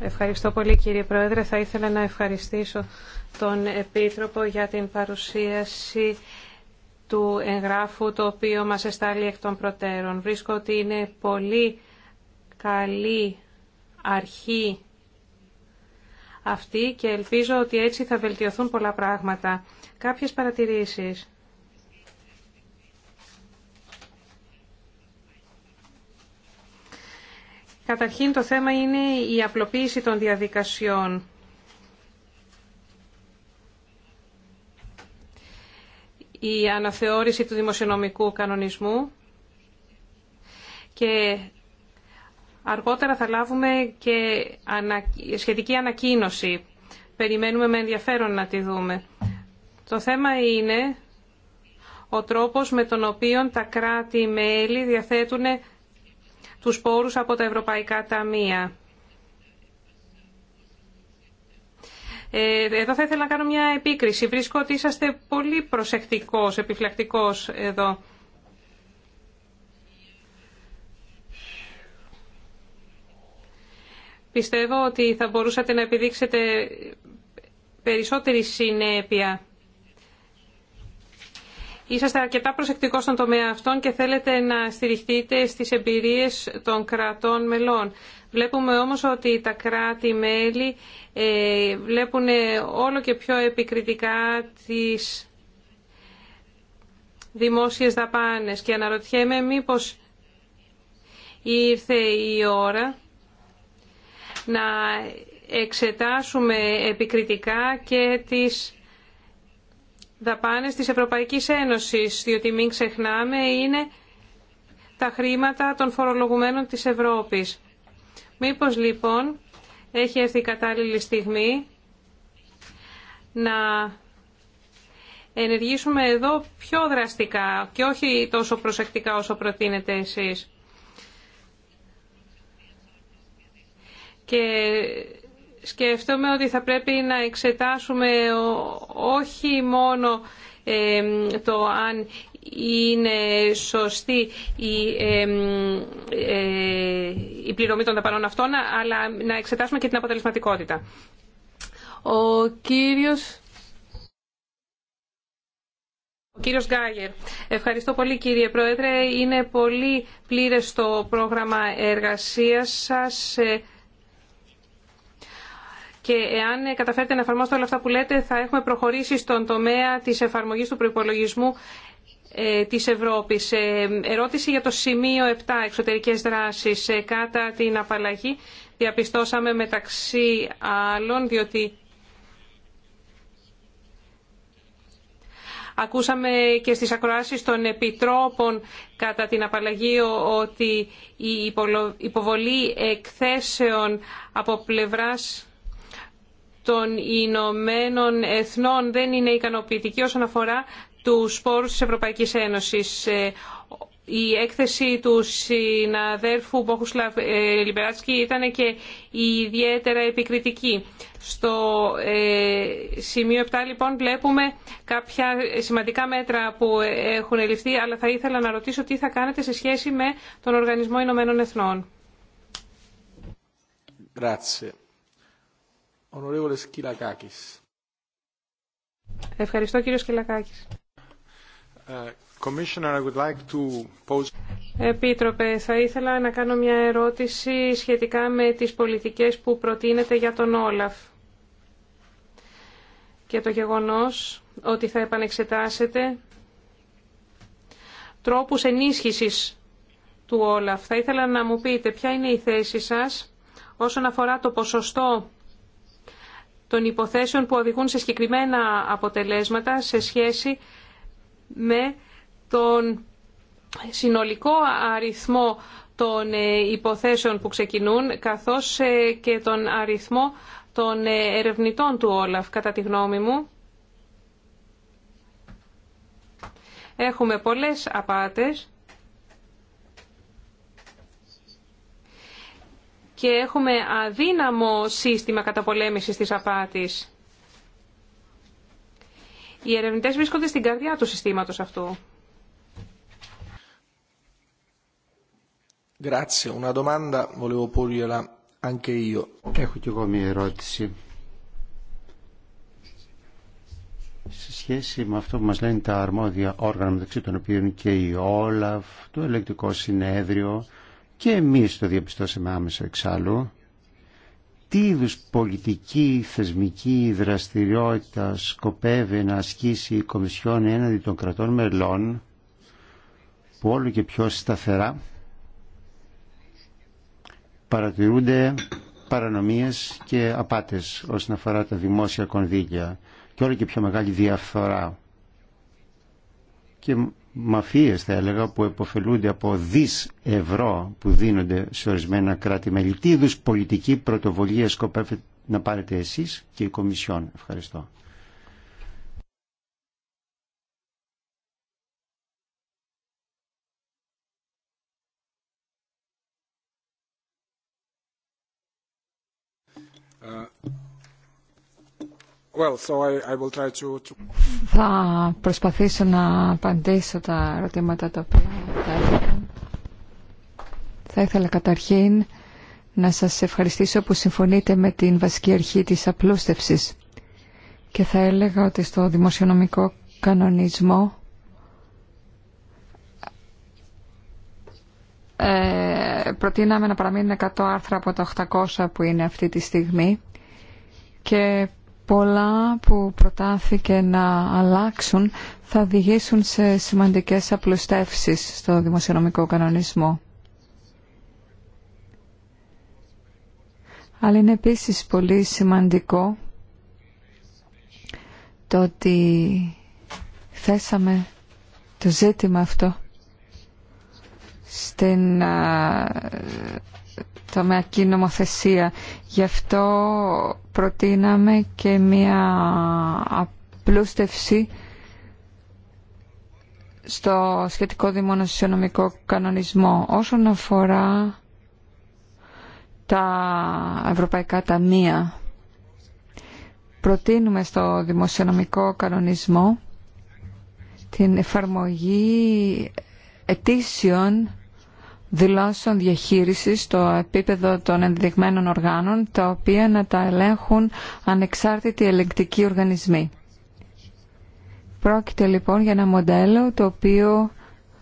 Ευχαριστώ πολύ κύριε Πρόεδρε. Θα ήθελα να ευχαριστήσω τον Επίτροπο για την παρουσίαση του εγγράφου το οποίο μας εστάλει εκ των προτέρων. Βρίσκω ότι είναι πολύ καλή αρχή αυτή και ελπίζω ότι έτσι θα βελτιωθούν πολλά πράγματα. Κάποιες παρατηρήσεις. Καταρχήν το θέμα είναι η απλοποίηση των διαδικασιών. η αναθεώρηση του δημοσιονομικού κανονισμού και αργότερα θα λάβουμε και σχετική ανακοίνωση. Περιμένουμε με ενδιαφέρον να τη δούμε. Το θέμα είναι ο τρόπος με τον οποίο τα κράτη-μέλη διαθέτουν τους πόρους από τα ευρωπαϊκά ταμεία. Ε, εδώ θα ήθελα να κάνω μια επίκριση. Βρίσκω ότι είσαστε πολύ προσεκτικός, επιφυλακτικός εδώ. Πιστεύω ότι θα μπορούσατε να επιδείξετε περισσότερη συνέπεια. Είσαστε αρκετά προσεκτικό στον τομέα αυτών και θέλετε να στηριχτείτε στις εμπειρίες των κρατών μελών. Βλέπουμε όμως ότι τα κράτη-μέλη ε, βλέπουν όλο και πιο επικριτικά τις δημόσιες δαπάνες και αναρωτιέμαι μήπως ήρθε η ώρα να εξετάσουμε επικριτικά και τις δαπάνες της Ευρωπαϊκής Ένωσης, διότι μην ξεχνάμε είναι τα χρήματα των φορολογουμένων της Ευρώπης. Μήπως λοιπόν έχει έρθει η κατάλληλη στιγμή να ενεργήσουμε εδώ πιο δραστικά και όχι τόσο προσεκτικά όσο προτείνετε εσείς. Και σκέφτομαι ότι θα πρέπει να εξετάσουμε όχι μόνο ε, το αν είναι σωστή η, ε, η πληρωμή των δαπανών αυτών, αλλά να εξετάσουμε και την αποτελεσματικότητα. Ο κύριος... Ο κύριος Γκάγερ. Ευχαριστώ πολύ κύριε Πρόεδρε. Είναι πολύ πλήρες το πρόγραμμα εργασίας σας ε, και εάν καταφέρετε να εφαρμόσετε όλα αυτά που λέτε θα έχουμε προχωρήσει στον τομέα της εφαρμογής του προϋπολογισμού ε, της Ευρώπης. Ε, ερώτηση για το σημείο 7, εξωτερικές δράσεις. Ε, Κάτα την απαλλαγή διαπιστώσαμε μεταξύ άλλων, διότι Ακούσαμε και στις ακροάσεις των επιτρόπων κατά την απαλλαγή ότι η υποβολή εκθέσεων από πλευράς των Ηνωμένων Εθνών δεν είναι ικανοποιητική όσον αφορά του σπόρους της Ευρωπαϊκής Ένωσης. Ε, η έκθεση του συναδέρφου Μπόχουσλαβ ε, Λιμπεράτσκι ήταν και ιδιαίτερα επικριτική. Στο ε, σημείο 7 λοιπόν βλέπουμε κάποια σημαντικά μέτρα που έχουν ληφθεί, αλλά θα ήθελα να ρωτήσω τι θα κάνετε σε σχέση με τον Οργανισμό Ηνωμένων Εθνών. Ευχαριστώ κύριο Σκυλακάκης. Uh, Επίτροπε, θα ήθελα να κάνω μια ερώτηση σχετικά με τις πολιτικές που προτείνετε για τον Όλαφ και το γεγονός ότι θα επανεξετάσετε τρόπους ενίσχυσης του Όλαφ. Θα ήθελα να μου πείτε ποια είναι η θέση σας όσον αφορά το ποσοστό των υποθέσεων που οδηγούν σε συγκεκριμένα αποτελέσματα σε σχέση με τον συνολικό αριθμό των ε, υποθέσεων που ξεκινούν καθώς ε, και τον αριθμό των ε, ερευνητών του Όλαφ, κατά τη γνώμη μου. Έχουμε πολλές απάτες και έχουμε αδύναμο σύστημα καταπολέμησης της απάτης. Οι ερευνητές βρίσκονται στην καρδιά του συστήματος αυτού. Έχω κι εγώ μια ερώτηση. Σε σχέση με αυτό που μας λένε τα αρμόδια όργανα μεταξύ των οποίων και η Όλαφ, το ελεκτικό συνέδριο και εμείς το διαπιστώσαμε άμεσα εξάλλου τι είδους πολιτική θεσμική δραστηριότητα σκοπεύει να ασκήσει η Κομισιόν έναντι των κρατών μελών που όλο και πιο σταθερά παρατηρούνται παρανομίες και απάτες όσον αφορά τα δημόσια κονδύλια και όλο και πιο μεγάλη διαφθορά. Και μαφίες θα έλεγα που εποφελούνται από δις ευρώ που δίνονται σε ορισμένα κράτη μέλη. Τι πολιτική πρωτοβολία σκοπεύετε να πάρετε εσείς και η Κομισιόν. Ευχαριστώ. Ε, θα προσπαθήσω να απαντήσω τα ερωτήματα τα οποία Θα ήθελα καταρχήν να σας ευχαριστήσω που συμφωνείτε με την βασική αρχή της απλούστευσης. Και θα έλεγα ότι στο δημοσιονομικό κανονισμό ε, προτείναμε να παραμείνουν 100 άρθρα από τα 800 που είναι αυτή τη στιγμή και πολλά που προτάθηκε να αλλάξουν θα οδηγήσουν σε σημαντικές απλουστεύσεις στο δημοσιονομικό κανονισμό. Αλλά είναι επίσης πολύ σημαντικό το ότι θέσαμε το ζήτημα αυτό στην το τομεακή νομοθεσία. Γι' αυτό προτείναμε και μία απλούστευση στο σχετικό δημοσιονομικό κανονισμό. Όσον αφορά τα ευρωπαϊκά ταμεία, προτείνουμε στο δημοσιονομικό κανονισμό την εφαρμογή ετήσιων δηλώσεων διαχείρισης στο επίπεδο των ενδειγμένων οργάνων, τα οποία να τα ελέγχουν ανεξάρτητοι ελεγκτικοί οργανισμοί. Πρόκειται λοιπόν για ένα μοντέλο το οποίο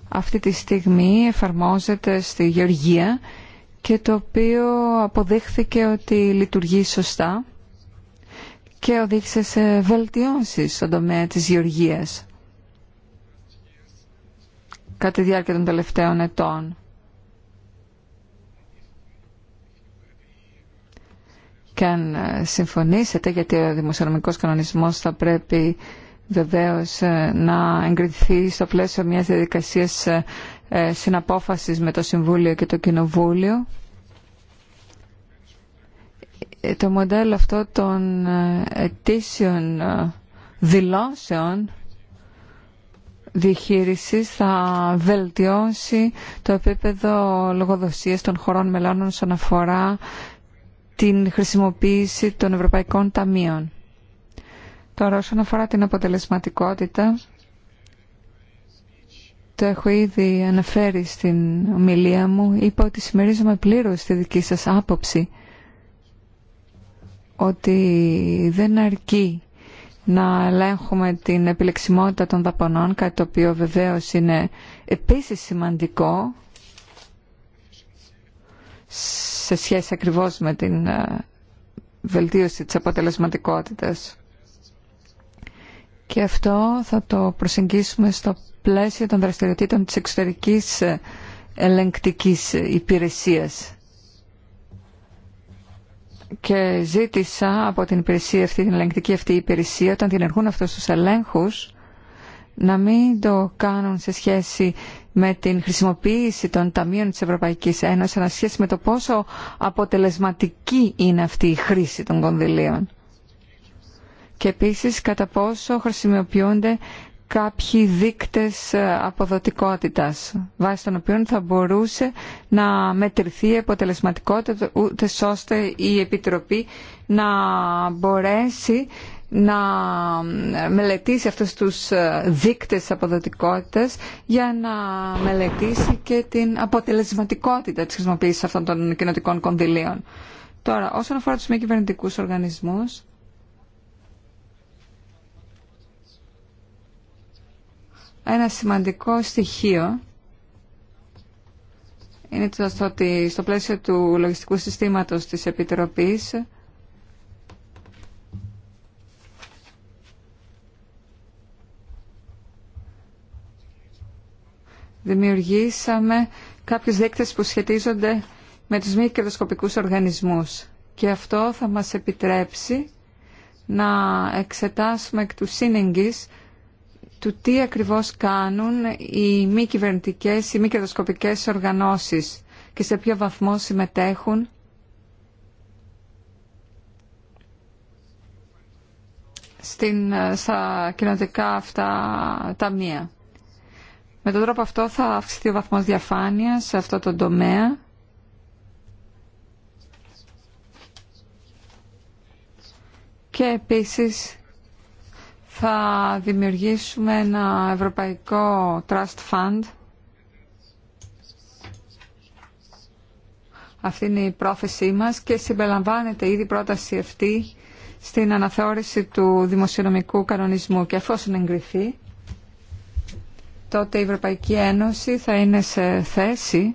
αυτή τη στιγμή εφαρμόζεται στη Γεωργία και το οποίο αποδείχθηκε ότι λειτουργεί σωστά και οδήγησε σε βελτιώσεις στον τομέα της γεωργίας κατά τη διάρκεια των τελευταίων ετών. και αν ε, συμφωνήσετε, γιατί ο δημοσιονομικός κανονισμός θα πρέπει βεβαίως ε, να εγκριθεί στο πλαίσιο μιας διαδικασίας ε, συναπόφασης με το Συμβούλιο και το Κοινοβούλιο. Το μοντέλο αυτό των ετήσιων δηλώσεων διχείρισης θα βελτιώσει το επίπεδο λογοδοσίας των χωρών μελών όσον αφορά την χρησιμοποίηση των Ευρωπαϊκών Ταμείων. Τώρα όσον αφορά την αποτελεσματικότητα, το έχω ήδη αναφέρει στην ομιλία μου, είπα ότι συμμερίζομαι πλήρως τη δική σας άποψη ότι δεν αρκεί να ελέγχουμε την επιλεξιμότητα των δαπανών, κάτι το οποίο βεβαίως είναι επίσης σημαντικό σε σχέση ακριβώς με την ε, βελτίωση της αποτελεσματικότητας. Και αυτό θα το προσεγγίσουμε στο πλαίσιο των δραστηριοτήτων της εξωτερικής ε, ελεγκτικής υπηρεσίας. Και ζήτησα από την υπηρεσία αυτή, την ελεγκτική αυτή υπηρεσία, όταν διενεργούν αυτούς τους ελέγχους, να μην το κάνουν σε σχέση με την χρησιμοποίηση των ταμείων της Ευρωπαϊκής Ένωσης σε σχέση με το πόσο αποτελεσματική είναι αυτή η χρήση των κονδυλίων και επίσης κατά πόσο χρησιμοποιούνται κάποιοι δείκτες αποδοτικότητας βάσει των οποίων θα μπορούσε να μετρηθεί η αποτελεσματικότητα ούτε ώστε η Επιτροπή να μπορέσει να μελετήσει αυτούς τους ε, δείκτες αποδοτικότητας για να μελετήσει και την αποτελεσματικότητα της χρησιμοποίησης αυτών των κοινοτικών κονδυλίων. Τώρα, όσον αφορά τους μη κυβερνητικού οργανισμούς, ένα σημαντικό στοιχείο είναι το ότι στο πλαίσιο του λογιστικού συστήματος της Επιτροπής δημιουργήσαμε κάποιους δείκτες που σχετίζονται με τους μη κερδοσκοπικούς οργανισμούς και αυτό θα μας επιτρέψει να εξετάσουμε εκ του σύνεγγης του τι ακριβώς κάνουν οι μη κυβερνητικέ οι μη κερδοσκοπικές οργανώσεις και σε ποιο βαθμό συμμετέχουν στην, στα κοινοτικά αυτά ταμεία. Με τον τρόπο αυτό θα αυξηθεί ο βαθμός διαφάνειας σε αυτό το τομέα. Και επίσης θα δημιουργήσουμε ένα ευρωπαϊκό trust fund. Αυτή είναι η πρόθεσή μας και συμπεριλαμβάνεται ήδη η πρόταση αυτή στην αναθεώρηση του δημοσιονομικού κανονισμού και εφόσον εγκριθεί τότε η Ευρωπαϊκή Ένωση θα είναι σε θέση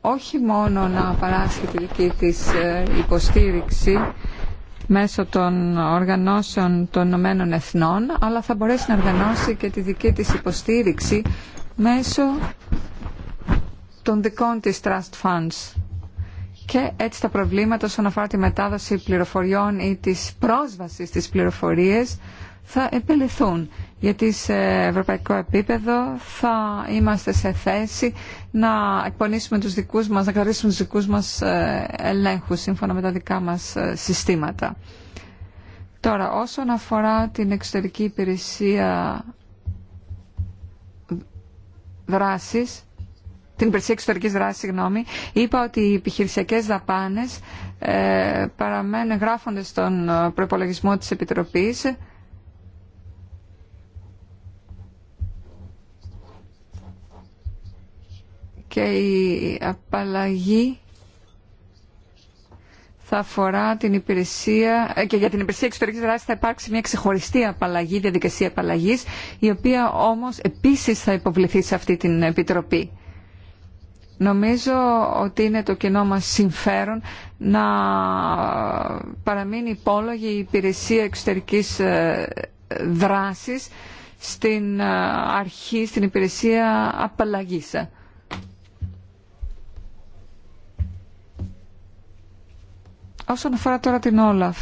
όχι μόνο να παράσχει τη δική της ε, υποστήριξη μέσω των οργανώσεων των Ηνωμένων Εθνών, αλλά θα μπορέσει να οργανώσει και τη δική της υποστήριξη μέσω των δικών της Trust Funds. Και έτσι τα προβλήματα όσον αφορά τη μετάδοση πληροφοριών ή της πρόσβασης στις πληροφορίες θα επιληθούν. Γιατί σε ευρωπαϊκό επίπεδο θα είμαστε σε θέση να εκπονήσουμε τους δικούς μας, να καθορίσουμε τους δικούς μας ε, ελέγχους σύμφωνα με τα δικά μας ε, συστήματα. Τώρα, όσον αφορά την εξωτερική υπηρεσία δράσης, την υπηρεσία εξωτερική δράση, συγγνώμη, είπα ότι οι επιχειρησιακέ δαπάνε ε, παραμένουν γράφονται στον προπολογισμό τη Επιτροπή και η απαλλαγή θα αφορά την υπηρεσία ε, και για την υπηρεσία εξωτερικής δράσης θα υπάρξει μια ξεχωριστή απαλλαγή, διαδικασία απαλλαγή, η οποία όμως επίση θα υποβληθεί σε αυτή την Επιτροπή. Νομίζω ότι είναι το κοινό μας συμφέρον να παραμείνει υπόλογη η υπηρεσία εξωτερικής ε, δράσης στην ε, αρχή, στην υπηρεσία απαλλαγή. Όσον αφορά τώρα την Όλαφ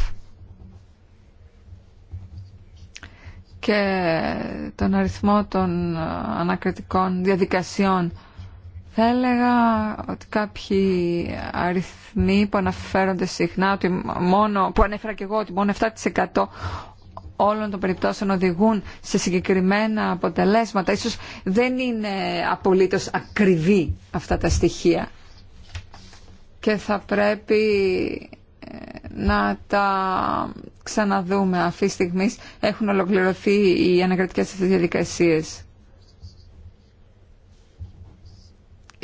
και τον αριθμό των ε, ανακριτικών διαδικασιών, θα έλεγα ότι κάποιοι αριθμοί που αναφέρονται συχνά, ότι μόνο, που ανέφερα και εγώ, ότι μόνο 7% όλων των περιπτώσεων οδηγούν σε συγκεκριμένα αποτελέσματα. Ίσως δεν είναι απολύτως ακριβή αυτά τα στοιχεία. Και θα πρέπει να τα ξαναδούμε αυτή τη στιγμή. Έχουν ολοκληρωθεί οι ανακριτικές αυτές διαδικασίες.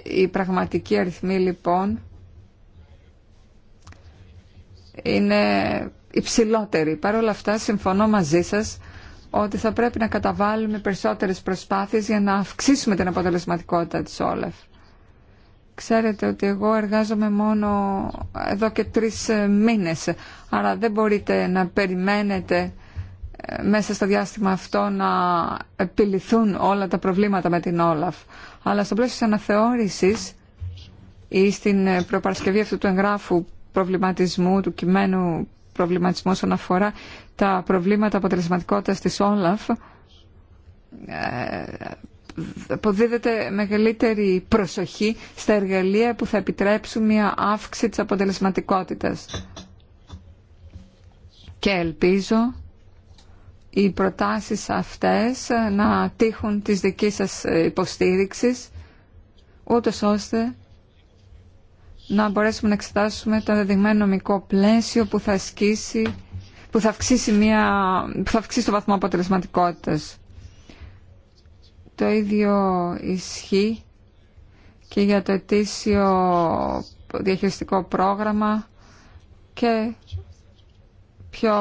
Η πραγματική αριθμή λοιπόν είναι υψηλότερη. Παρ' όλα αυτά συμφωνώ μαζί σας ότι θα πρέπει να καταβάλουμε περισσότερες προσπάθειες για να αυξήσουμε την αποτελεσματικότητα της Όλεφ. Ξέρετε ότι εγώ εργάζομαι μόνο εδώ και τρεις ε, μήνες, άρα δεν μπορείτε να περιμένετε ε, μέσα στο διάστημα αυτό να επιληθούν όλα τα προβλήματα με την Όλαφ. Αλλά στο πλαίσιο της αναθεώρησης ή στην ε, προπαρασκευή αυτού του εγγράφου προβληματισμού, του κειμένου προβληματισμού όσον αφορά τα προβλήματα αποτελεσματικότητας της Όλαφ, αποδίδεται μεγαλύτερη προσοχή στα εργαλεία που θα επιτρέψουν μια αύξηση της αποτελεσματικότητας. Και ελπίζω οι προτάσεις αυτές να τύχουν της δικής σας υποστήριξης, ούτως ώστε να μπορέσουμε να εξετάσουμε το δεδειγμένο νομικό πλαίσιο που θα που θα αυξήσει, μια, που θα αυξήσει το βαθμό αποτελεσματικότητας. Το ίδιο ισχύει και για το ετήσιο διαχειριστικό πρόγραμμα και πιο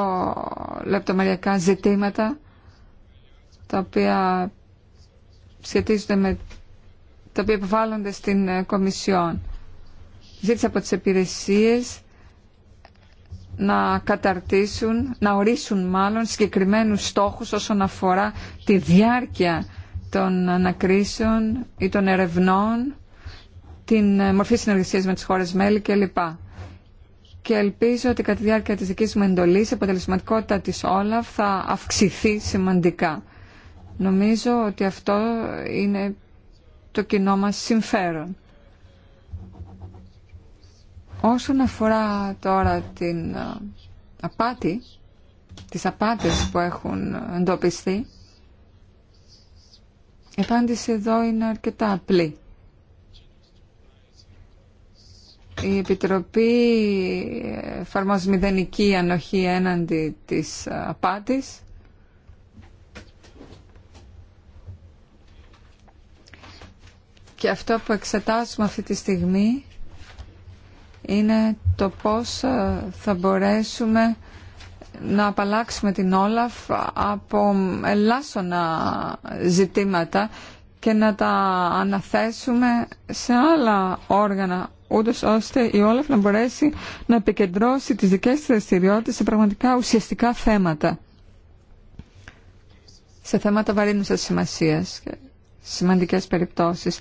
λεπτομεριακά ζητήματα τα οποία σχετίζονται με τα οποία επιβάλλονται στην ε, Κομισιόν. Ζήτησα από τις υπηρεσίε να καταρτήσουν, να ορίσουν μάλλον συγκεκριμένους στόχους όσον αφορά τη διάρκεια των ανακρίσεων ή των ερευνών, την μορφή συνεργασίας με τις χώρες μέλη κλπ. Και ελπίζω ότι κατά τη διάρκεια της δικής μου εντολής η αποτελεσματικότητα της όλα θα αυξηθεί σημαντικά. Νομίζω ότι αυτό είναι το κοινό μας συμφέρον. Όσον αφορά τώρα την ε, απάτη, τις απάτες που έχουν εντοπιστεί, η απάντηση εδώ είναι αρκετά απλή. Η Επιτροπή εφαρμόζει μηδενική ανοχή έναντι της απάτης. Και αυτό που εξετάζουμε αυτή τη στιγμή είναι το πώς θα μπορέσουμε να απαλλάξουμε την Όλαφ από ελάσσονα ζητήματα και να τα αναθέσουμε σε άλλα όργανα ούτω ώστε η Όλαφ να μπορέσει να επικεντρώσει τις δικές της δραστηριότητε σε πραγματικά ουσιαστικά θέματα σε θέματα βαρύνουσας σημασίας και σημαντικές περιπτώσεις.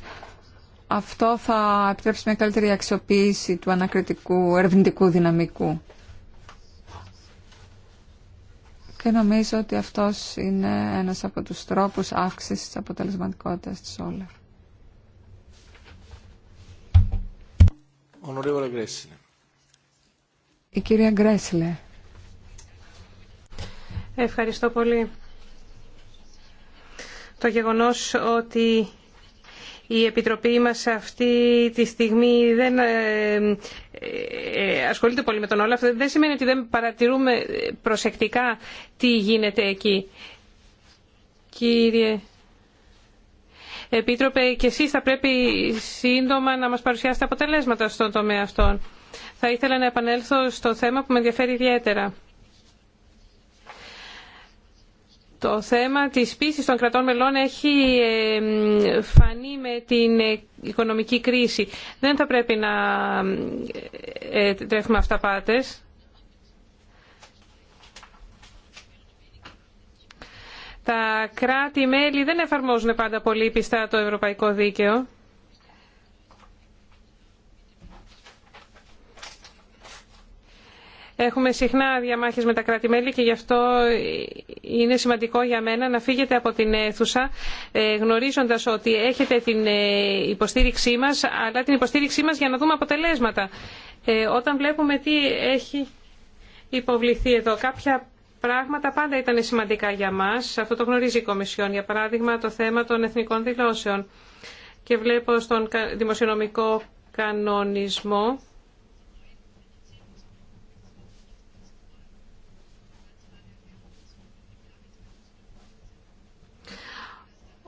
Αυτό θα επιτρέψει μια καλύτερη αξιοποίηση του ανακριτικού ερευνητικού δυναμικού. Και νομίζω ότι αυτός είναι ένας από τους τρόπους αύξησης της αποτελεσματικότητας της Γκρέσιλε. Η κυρία Γκρέσλε. Ευχαριστώ πολύ. Το γεγονός ότι η Επιτροπή μας αυτή τη στιγμή δεν ε, ε, ασχολείται πολύ με τον όλο αυτό. Δεν σημαίνει ότι δεν παρατηρούμε προσεκτικά τι γίνεται εκεί. Κύριε Επίτροπε, και εσείς θα πρέπει σύντομα να μας παρουσιάσετε αποτελέσματα στον τομέα αυτόν. Θα ήθελα να επανέλθω στο θέμα που με ενδιαφέρει ιδιαίτερα. Το θέμα της πίστης των κρατών μελών έχει ε, φανεί με την ε, οικονομική κρίση. Δεν θα πρέπει να ε, τρέχουμε αυταπάτες. Τα κράτη-μέλη δεν εφαρμόζουν πάντα πολύ πιστά το ευρωπαϊκό δίκαιο. Έχουμε συχνά διαμάχες με τα κράτη-μέλη και γι' αυτό είναι σημαντικό για μένα να φύγετε από την αίθουσα ε, γνωρίζοντας ότι έχετε την ε, υποστήριξή μας, αλλά την υποστήριξή μας για να δούμε αποτελέσματα. Ε, όταν βλέπουμε τι έχει υποβληθεί εδώ, κάποια πράγματα πάντα ήταν σημαντικά για μας. Αυτό το γνωρίζει η Κομισιόν, για παράδειγμα το θέμα των εθνικών δηλώσεων. Και βλέπω στον δημοσιονομικό κανονισμό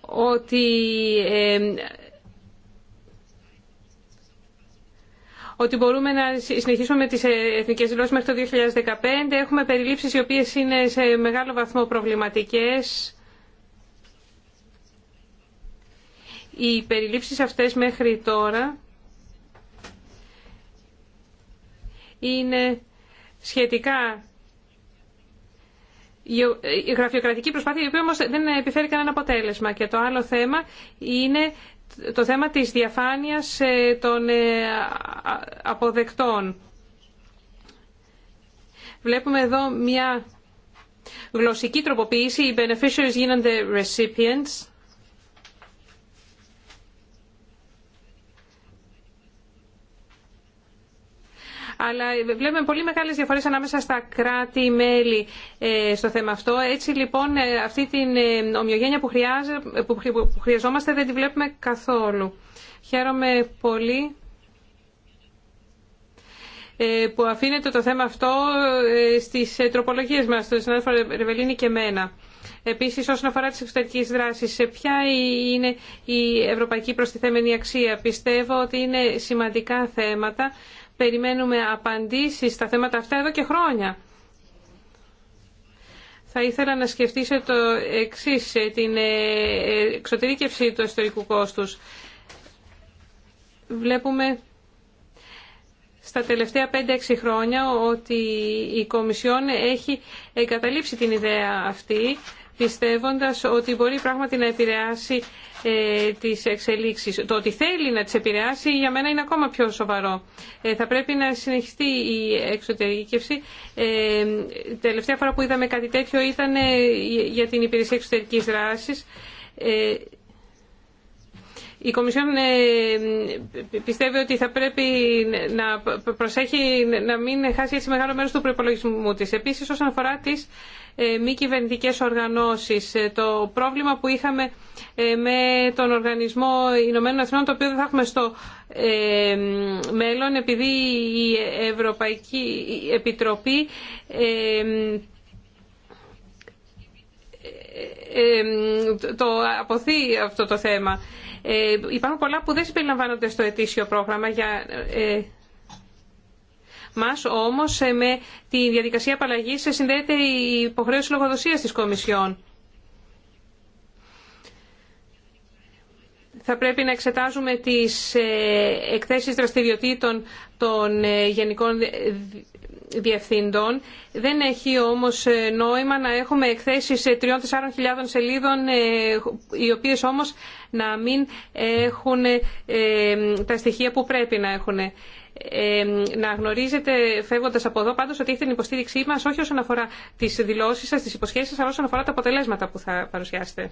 ότι ότι μπορούμε να συνεχίσουμε με τις ε, εθνικές δηλώσεις μέχρι το 2015. Έχουμε περιλήψεις οι οποίες είναι σε μεγάλο βαθμό προβληματικές. Οι περιλήψεις αυτές μέχρι τώρα είναι σχετικά η γραφειοκρατική προσπάθεια η οποία όμω δεν επιφέρει κανένα αποτέλεσμα. Και το άλλο θέμα είναι το θέμα της διαφάνειας ε, των ε, αποδεκτών. Βλέπουμε εδώ μια γλωσσική τροποποίηση. Οι beneficiaries γίνονται recipients. αλλά βλέπουμε πολύ μεγάλες διαφορές ανάμεσα στα κράτη-μέλη ε, στο θέμα αυτό. Έτσι λοιπόν ε, αυτή την ε, ομοιογένεια που, που χρειαζόμαστε δεν τη βλέπουμε καθόλου. Χαίρομαι πολύ που αφήνεται το θέμα αυτό στις τροπολογίες μας, στον συνάδελφο Ρεβελίνη και εμένα. Επίσης, όσον αφορά τις εξωτερικές δράσεις, σε ποια είναι η ευρωπαϊκή προστιθέμενη αξία. Πιστεύω ότι είναι σημαντικά θέματα περιμένουμε απαντήσεις στα θέματα αυτά εδώ και χρόνια. Θα ήθελα να σκεφτείτε το εξής, ε, την ε, ε, εξωτερήκευση του ιστορικού κόστους. Βλέπουμε στα τελευταία 5-6 χρόνια ότι η Κομισιόν έχει εγκαταλείψει την ιδέα αυτή πιστεύοντας ότι μπορεί πράγματι να επηρεάσει ε, τις εξελίξεις. Το ότι θέλει να τις επηρεάσει για μένα είναι ακόμα πιο σοβαρό. Ε, θα πρέπει να συνεχιστεί η εξωτερική Ε, τελευταία φορά που είδαμε κάτι τέτοιο ήταν ε, για την υπηρεσία εξωτερικής δράσης. Ε, η Κομισιόν ε, πιστεύει ότι θα πρέπει να προσέχει να μην χάσει έτσι μεγάλο μέρος του προπολογισμού της. Επίσης, όσον αφορά τις ε, μη κυβερνητικέ οργανώσεις, ε, το πρόβλημα που είχαμε με τον Οργανισμό Ηνωμένων Εθνών, το οποίο δεν θα έχουμε στο μέλλον, επειδή η Ευρωπαϊκή Επιτροπή το αποθεί αυτό το θέμα. Ε, υπάρχουν πολλά που δεν συμπεριλαμβάνονται στο ετήσιο πρόγραμμα για ε, μας όμως ε, με τη διαδικασία απαλλαγή συνδέεται η υποχρέωση λογοδοσίας της Κομισιόν. Θα πρέπει να εξετάζουμε τις εκθέσεις δραστηριοτήτων των γενικών διευθυντών. Δεν έχει όμως ε, νόημα να έχουμε εκθέσεις 3.000-4.000 ε, σελίδων, ε, οι οποίες όμως να μην έχουν τα στοιχεία που πρέπει να έχουν. Να γνωρίζετε φεύγοντας από εδώ πάντως ότι έχετε την υποστήριξή μας όχι όσον αφορά τις δηλώσεις σας, τις υποσχέσεις σας, αλλά όσον αφορά τα αποτελέσματα που θα παρουσιάσετε.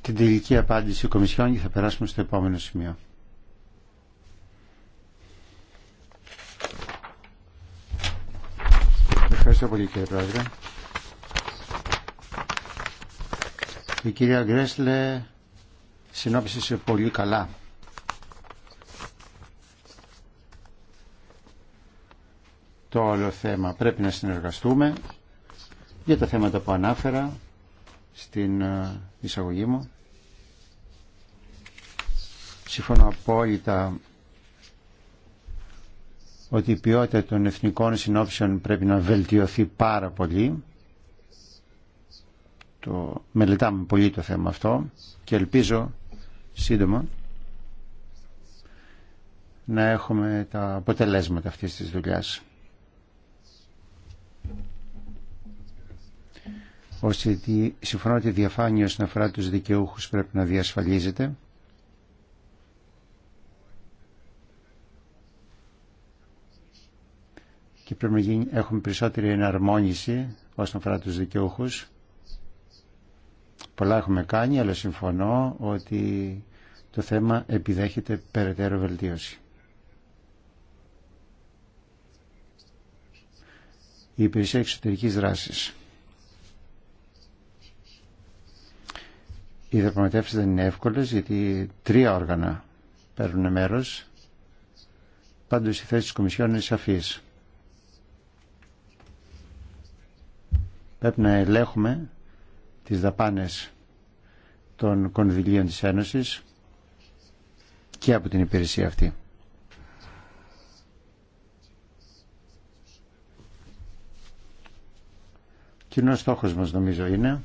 Την τελική απάντηση Κομισιόν και θα περάσουμε στο επόμενο σημείο. Ευχαριστώ πολύ κύριε Πρόεδρε. Η κυρία Γκρέσλε συνόψισε πολύ καλά. Το όλο θέμα πρέπει να συνεργαστούμε για τα θέματα που ανάφερα στην ε, εισαγωγή μου. Συμφωνώ απόλυτα ότι η ποιότητα των εθνικών συνόψεων πρέπει να βελτιωθεί πάρα πολύ. Το μελετάμε πολύ το θέμα αυτό και ελπίζω σύντομα να έχουμε τα αποτελέσματα αυτής της δουλειάς. Ώστε συμφωνώ ότι η διαφάνεια όσον αφορά τους δικαιούχους πρέπει να διασφαλίζεται. και πρέπει να γίνει, έχουμε περισσότερη εναρμόνιση όσον αφορά τους δικαιούχους. Πολλά έχουμε κάνει, αλλά συμφωνώ ότι το θέμα επιδέχεται περαιτέρω βελτίωση. Η υπηρεσία εξωτερικής δράσης. Οι διαπραγματεύσει δεν είναι εύκολες γιατί τρία όργανα παίρνουν μέρος. Πάντως η θέση της Κομισιόν είναι σαφής. Πρέπει να ελέγχουμε τις δαπάνες των κονδυλίων της Ένωσης και από την υπηρεσία αυτή. Κοινό στόχος μας νομίζω είναι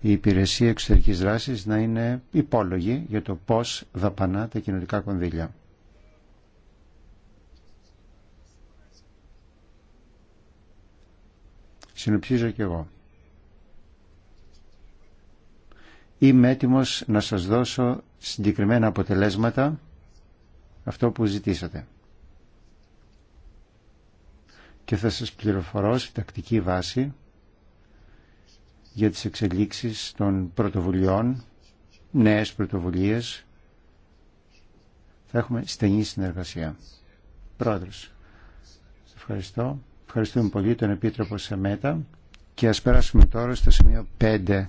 η υπηρεσία εξωτερικής δράσης να είναι υπόλογη για το πώς δαπανά τα κοινωτικά κονδύλια. συνοψίζω και εγώ. Είμαι έτοιμος να σας δώσω συγκεκριμένα αποτελέσματα αυτό που ζητήσατε. Και θα σας πληροφορώ σε τακτική βάση για τις εξελίξεις των πρωτοβουλειών, νέες πρωτοβουλίες. Θα έχουμε στενή συνεργασία. Πρόεδρος, ευχαριστώ. Ευχαριστούμε πολύ τον Επίτροπο Σεμέτα και ας περάσουμε τώρα στο σημείο 5.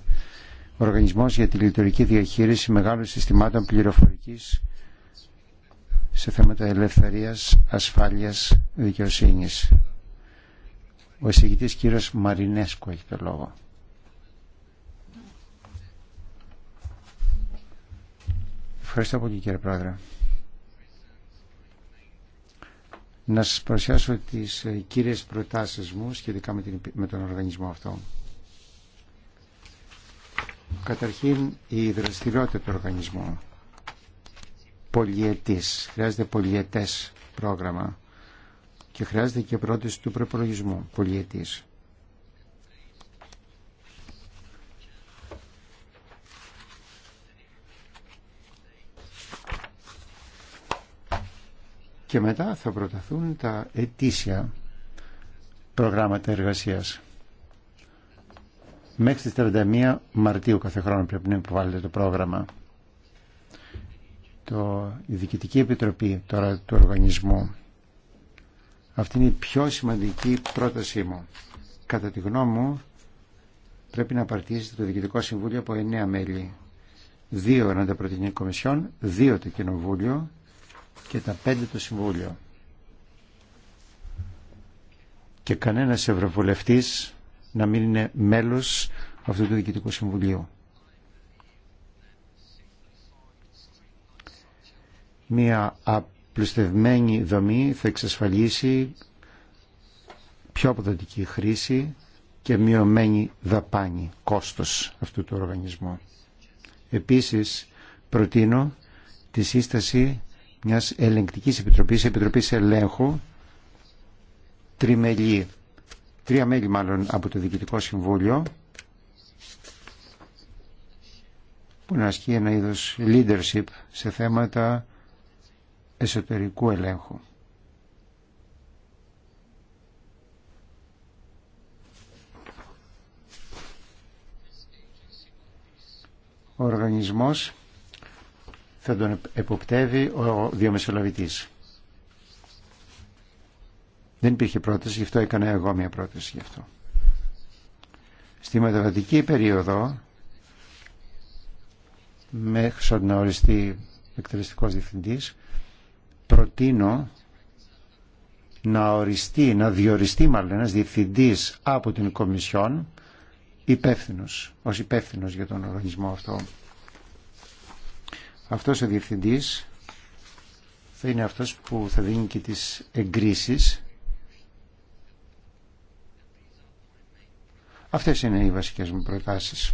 Οργανισμός για τη λειτουργική διαχείριση μεγάλων συστημάτων πληροφορικής σε θέματα ελευθερίας, ασφάλειας, δικαιοσύνης. Ο εισηγητής κύριος Μαρινέσκο έχει το λόγο. Ευχαριστώ πολύ κύριε Πρόεδρε. να σας παρουσιάσω τις ε, κύριες προτάσεις μου σχετικά με, με τον οργανισμό αυτό. Καταρχήν η δραστηριότητα του οργανισμού. Πολιετής. Χρειάζεται πολιετές πρόγραμμα και χρειάζεται και πρόταση του προπολογισμού πολιετής. και μετά θα προταθούν τα ετήσια προγράμματα εργασίας. Μέχρι τις 31 Μαρτίου κάθε χρόνο πρέπει να υποβάλλεται το πρόγραμμα. Το, η Διοικητική Επιτροπή τώρα του οργανισμού. Αυτή είναι η πιο σημαντική πρότασή μου. Κατά τη γνώμη μου πρέπει να απαρτίζεται το Διοικητικό Συμβούλιο από 9 μέλη. Δύο να τα προτείνει Κομισιόν, δύο το Κοινοβούλιο και τα πέντε το Συμβούλιο. Και κανένας Ευρωβουλευτής να μην είναι μέλος αυτού του Διοικητικού Συμβουλίου. Μία απλουστευμένη δομή θα εξασφαλίσει πιο αποδοτική χρήση και μειωμένη δαπάνη, κόστος αυτού του οργανισμού. Επίσης, προτείνω τη σύσταση μιας ελεγκτικής επιτροπής, επιτροπής ελέγχου, τριμελή, τρία μέλη μάλλον από το Διοικητικό Συμβούλιο, που να ασκεί ένα είδος leadership σε θέματα εσωτερικού ελέγχου. Ο οργανισμός θα τον εποπτεύει ο διομεσολαβητής. Δεν υπήρχε πρόταση, γι' αυτό έκανα εγώ μια πρόταση γι' αυτό. Στη μεταβατική περίοδο, μέχρι να οριστεί εκτελεστικός διευθυντής, προτείνω να οριστεί, να διοριστεί μάλλον ένας διευθυντής από την Κομισιόν, υπεύθυνος, ως υπεύθυνος για τον οργανισμό αυτό. Αυτός ο διευθυντής θα είναι αυτός που θα δίνει και τις εγκρίσεις. Αυτές είναι οι βασικές μου προτάσεις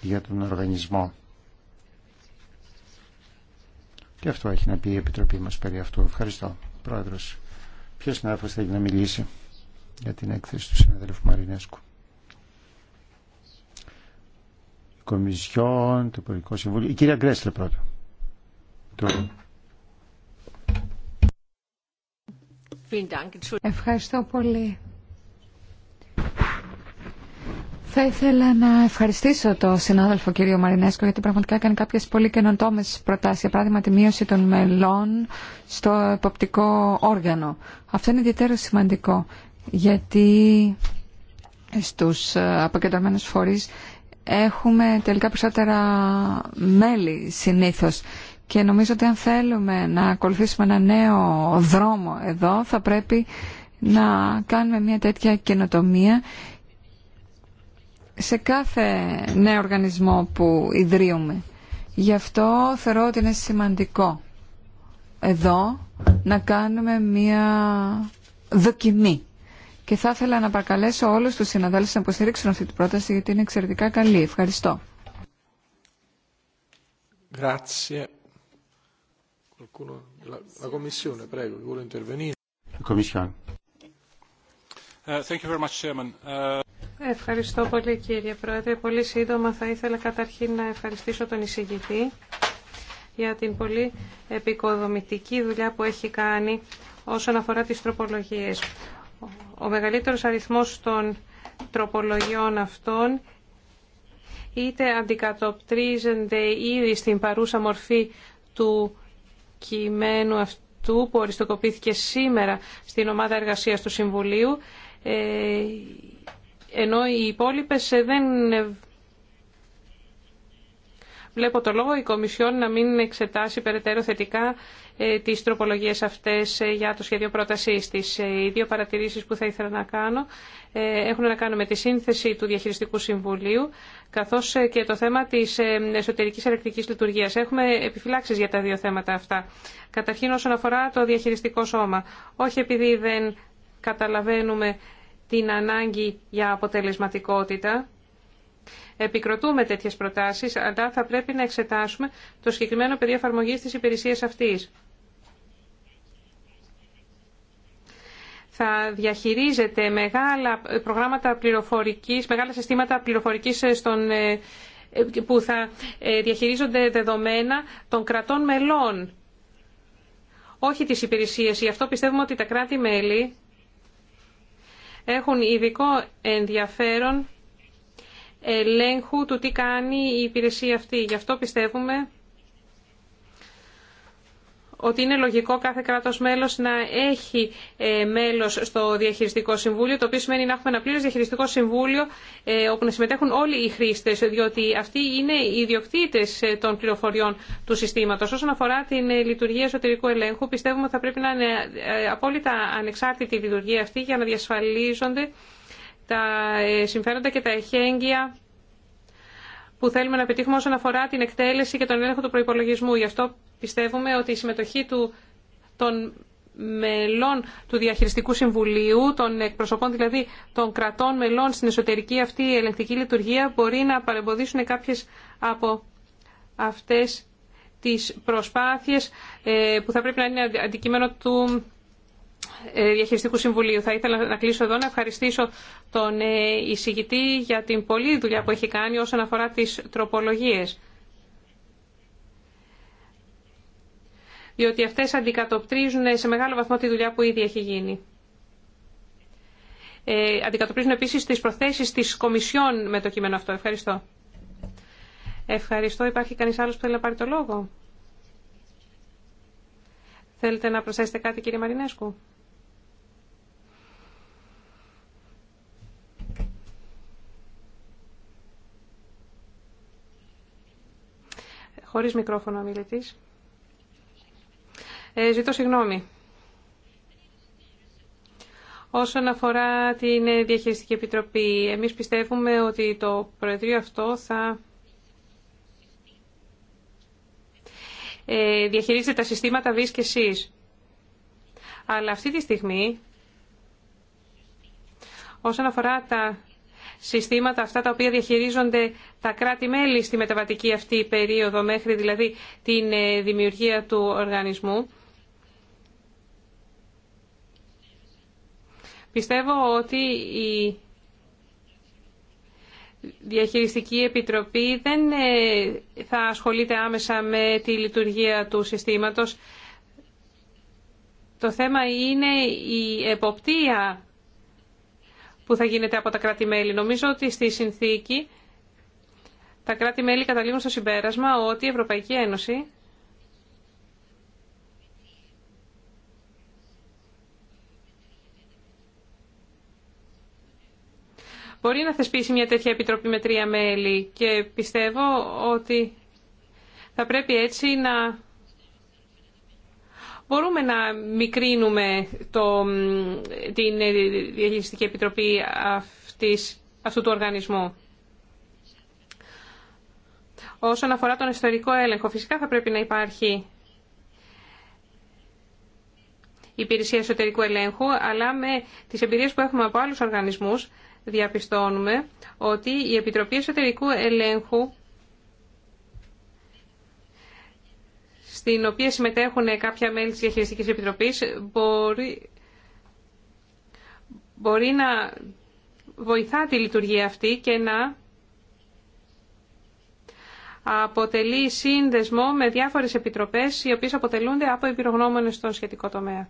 για τον οργανισμό. Και αυτό έχει να πει η Επιτροπή μας περί αυτού. Ευχαριστώ, Πρόεδρος. Ποιος να θέλει να μιλήσει για την έκθεση του συναδέλφου Μαρινέσκου. Κομισιόν, το Συμβούλιο. Η κυρία Γκρέσλε πρώτα. Ευχαριστώ πολύ. Θα ήθελα να ευχαριστήσω τον συνάδελφο κύριο Μαρινέσκο γιατί πραγματικά έκανε κάποιες πολύ καινοτόμες προτάσεις. Για παράδειγμα τη μείωση των μελών στο εποπτικό όργανο. Αυτό είναι ιδιαίτερα σημαντικό γιατί στους αποκεντρωμένους φορείς έχουμε τελικά περισσότερα μέλη συνήθως. Και νομίζω ότι αν θέλουμε να ακολουθήσουμε ένα νέο δρόμο εδώ θα πρέπει να κάνουμε μια τέτοια καινοτομία σε κάθε νέο οργανισμό που ιδρύουμε. Γι' αυτό θεωρώ ότι είναι σημαντικό εδώ να κάνουμε μια δοκιμή και θα ήθελα να παρακαλέσω όλους τους συναδέλφους να υποστηρίξουν αυτή την πρόταση γιατί είναι εξαιρετικά καλή. Ευχαριστώ. Ευχαριστώ πολύ κύριε Πρόεδρε. Πολύ σύντομα θα ήθελα καταρχήν να ευχαριστήσω τον εισηγητή για την πολύ επικοδομητική δουλειά που έχει κάνει όσον αφορά τις τροπολογίες. Ο μεγαλύτερος αριθμός των τροπολογιών αυτών είτε αντικατοπτρίζονται ήδη στην παρούσα μορφή του κειμένου αυτού που οριστοκοπήθηκε σήμερα στην ομάδα εργασίας του Συμβουλίου, ε, ενώ οι υπόλοιπε. Ε, δεν ε, βλέπω το λόγο η Κομισιόν να μην εξετάσει περαιτέρω θετικά ε, τις τροπολογίες αυτές ε, για το σχέδιο πρότασής της. Ε, οι δύο παρατηρήσεις που θα ήθελα να κάνω έχουν να κάνουν με τη σύνθεση του Διαχειριστικού Συμβουλίου καθώς και το θέμα της εσωτερικής ερεκτική λειτουργίας. Έχουμε επιφυλάξεις για τα δύο θέματα αυτά. Καταρχήν όσον αφορά το διαχειριστικό σώμα. Όχι επειδή δεν καταλαβαίνουμε την ανάγκη για αποτελεσματικότητα, επικροτούμε τέτοιες προτάσεις, αλλά θα πρέπει να εξετάσουμε το συγκεκριμένο πεδίο εφαρμογή της υπηρεσίας αυτής. θα διαχειρίζεται μεγάλα προγράμματα πληροφορικής, μεγάλα συστήματα πληροφορικής ε, στον, ε, ε, που θα διαχειρίζονται δεδομένα των κρατών μελών, όχι τις υπηρεσίες. Γι' αυτό πιστεύουμε ότι τα κράτη-μέλη έχουν ειδικό ενδιαφέρον ελέγχου του τι κάνει η υπηρεσία αυτή. Γι' αυτό πιστεύουμε ότι είναι λογικό κάθε κράτος μέλος να έχει ε, μέλος στο διαχειριστικό συμβούλιο, το οποίο σημαίνει να έχουμε ένα πλήρες διαχειριστικό συμβούλιο ε, όπου να συμμετέχουν όλοι οι χρήστε, διότι αυτοί είναι οι ιδιοκτήτες ε, των πληροφοριών του συστήματος. Όσον αφορά την λειτουργία εσωτερικού ελέγχου, πιστεύουμε ότι θα πρέπει να είναι απόλυτα ανεξάρτητη η λειτουργία αυτή για να διασφαλίζονται τα συμφέροντα και τα εχέγγυα που θέλουμε να πετύχουμε όσον αφορά την εκτέλεση και τον έλεγχο του προπολογισμού. Γι' αυτό πιστεύουμε ότι η συμμετοχή του, των μελών του Διαχειριστικού Συμβουλίου, των εκπροσωπών δηλαδή των κρατών μελών στην εσωτερική αυτή η ελεγκτική λειτουργία μπορεί να παρεμποδίσουν κάποιες από αυτές τις προσπάθειες ε, που θα πρέπει να είναι αντικείμενο του ε, διαχειριστικού Συμβουλίου. Θα ήθελα να κλείσω εδώ να ευχαριστήσω τον ε, εισηγητή για την πολλή δουλειά που έχει κάνει όσον αφορά τις τροπολογίες. Διότι αυτές αντικατοπτρίζουν σε μεγάλο βαθμό τη δουλειά που ήδη έχει γίνει. Ε, αντικατοπτρίζουν επίσης τις προθέσεις της Κομισιόν με το κείμενο αυτό. Ευχαριστώ. Ευχαριστώ. Υπάρχει κανείς άλλος που θέλει να πάρει το λόγο. Θέλετε να προσθέσετε κάτι κύριε Μαρινέσκου. Χωρίς μικρόφωνο μιλητής. Ε, ζητώ συγγνώμη. Όσον αφορά την Διαχειριστική Επιτροπή, εμείς πιστεύουμε ότι το Προεδρείο αυτό θα ε, διαχειρίζεται τα συστήματα ΒΙΣ και Αλλά αυτή τη στιγμή, όσον αφορά τα συστήματα, αυτά τα οποία διαχειρίζονται τα κράτη-μέλη στη μεταβατική αυτή περίοδο, μέχρι δηλαδή την ε, δημιουργία του οργανισμού. Πιστεύω ότι η Διαχειριστική Επιτροπή δεν ε, θα ασχολείται άμεσα με τη λειτουργία του συστήματος. Το θέμα είναι η εποπτεία που θα γίνεται από τα κράτη-μέλη. Νομίζω ότι στη συνθήκη τα κράτη-μέλη καταλήγουν στο συμπέρασμα ότι η Ευρωπαϊκή Ένωση μπορεί να θεσπίσει μια τέτοια επιτροπή με τρία μέλη και πιστεύω ότι θα πρέπει έτσι να Μπορούμε να μικρύνουμε το, την ε, Διαχειριστική Επιτροπή αυτής, αυτού του οργανισμού. Όσον αφορά τον ιστορικό έλεγχο, φυσικά θα πρέπει να υπάρχει υπηρεσία εσωτερικού ελέγχου, αλλά με τις εμπειρίες που έχουμε από άλλους οργανισμούς διαπιστώνουμε ότι η Επιτροπή Εσωτερικού Ελέγχου στην οποία συμμετέχουν κάποια μέλη της Διαχειριστικής Επιτροπής μπορεί, μπορεί να βοηθά τη λειτουργία αυτή και να αποτελεί σύνδεσμο με διάφορες επιτροπές οι οποίες αποτελούνται από εμπειρογνώμονες στον σχετικό τομέα.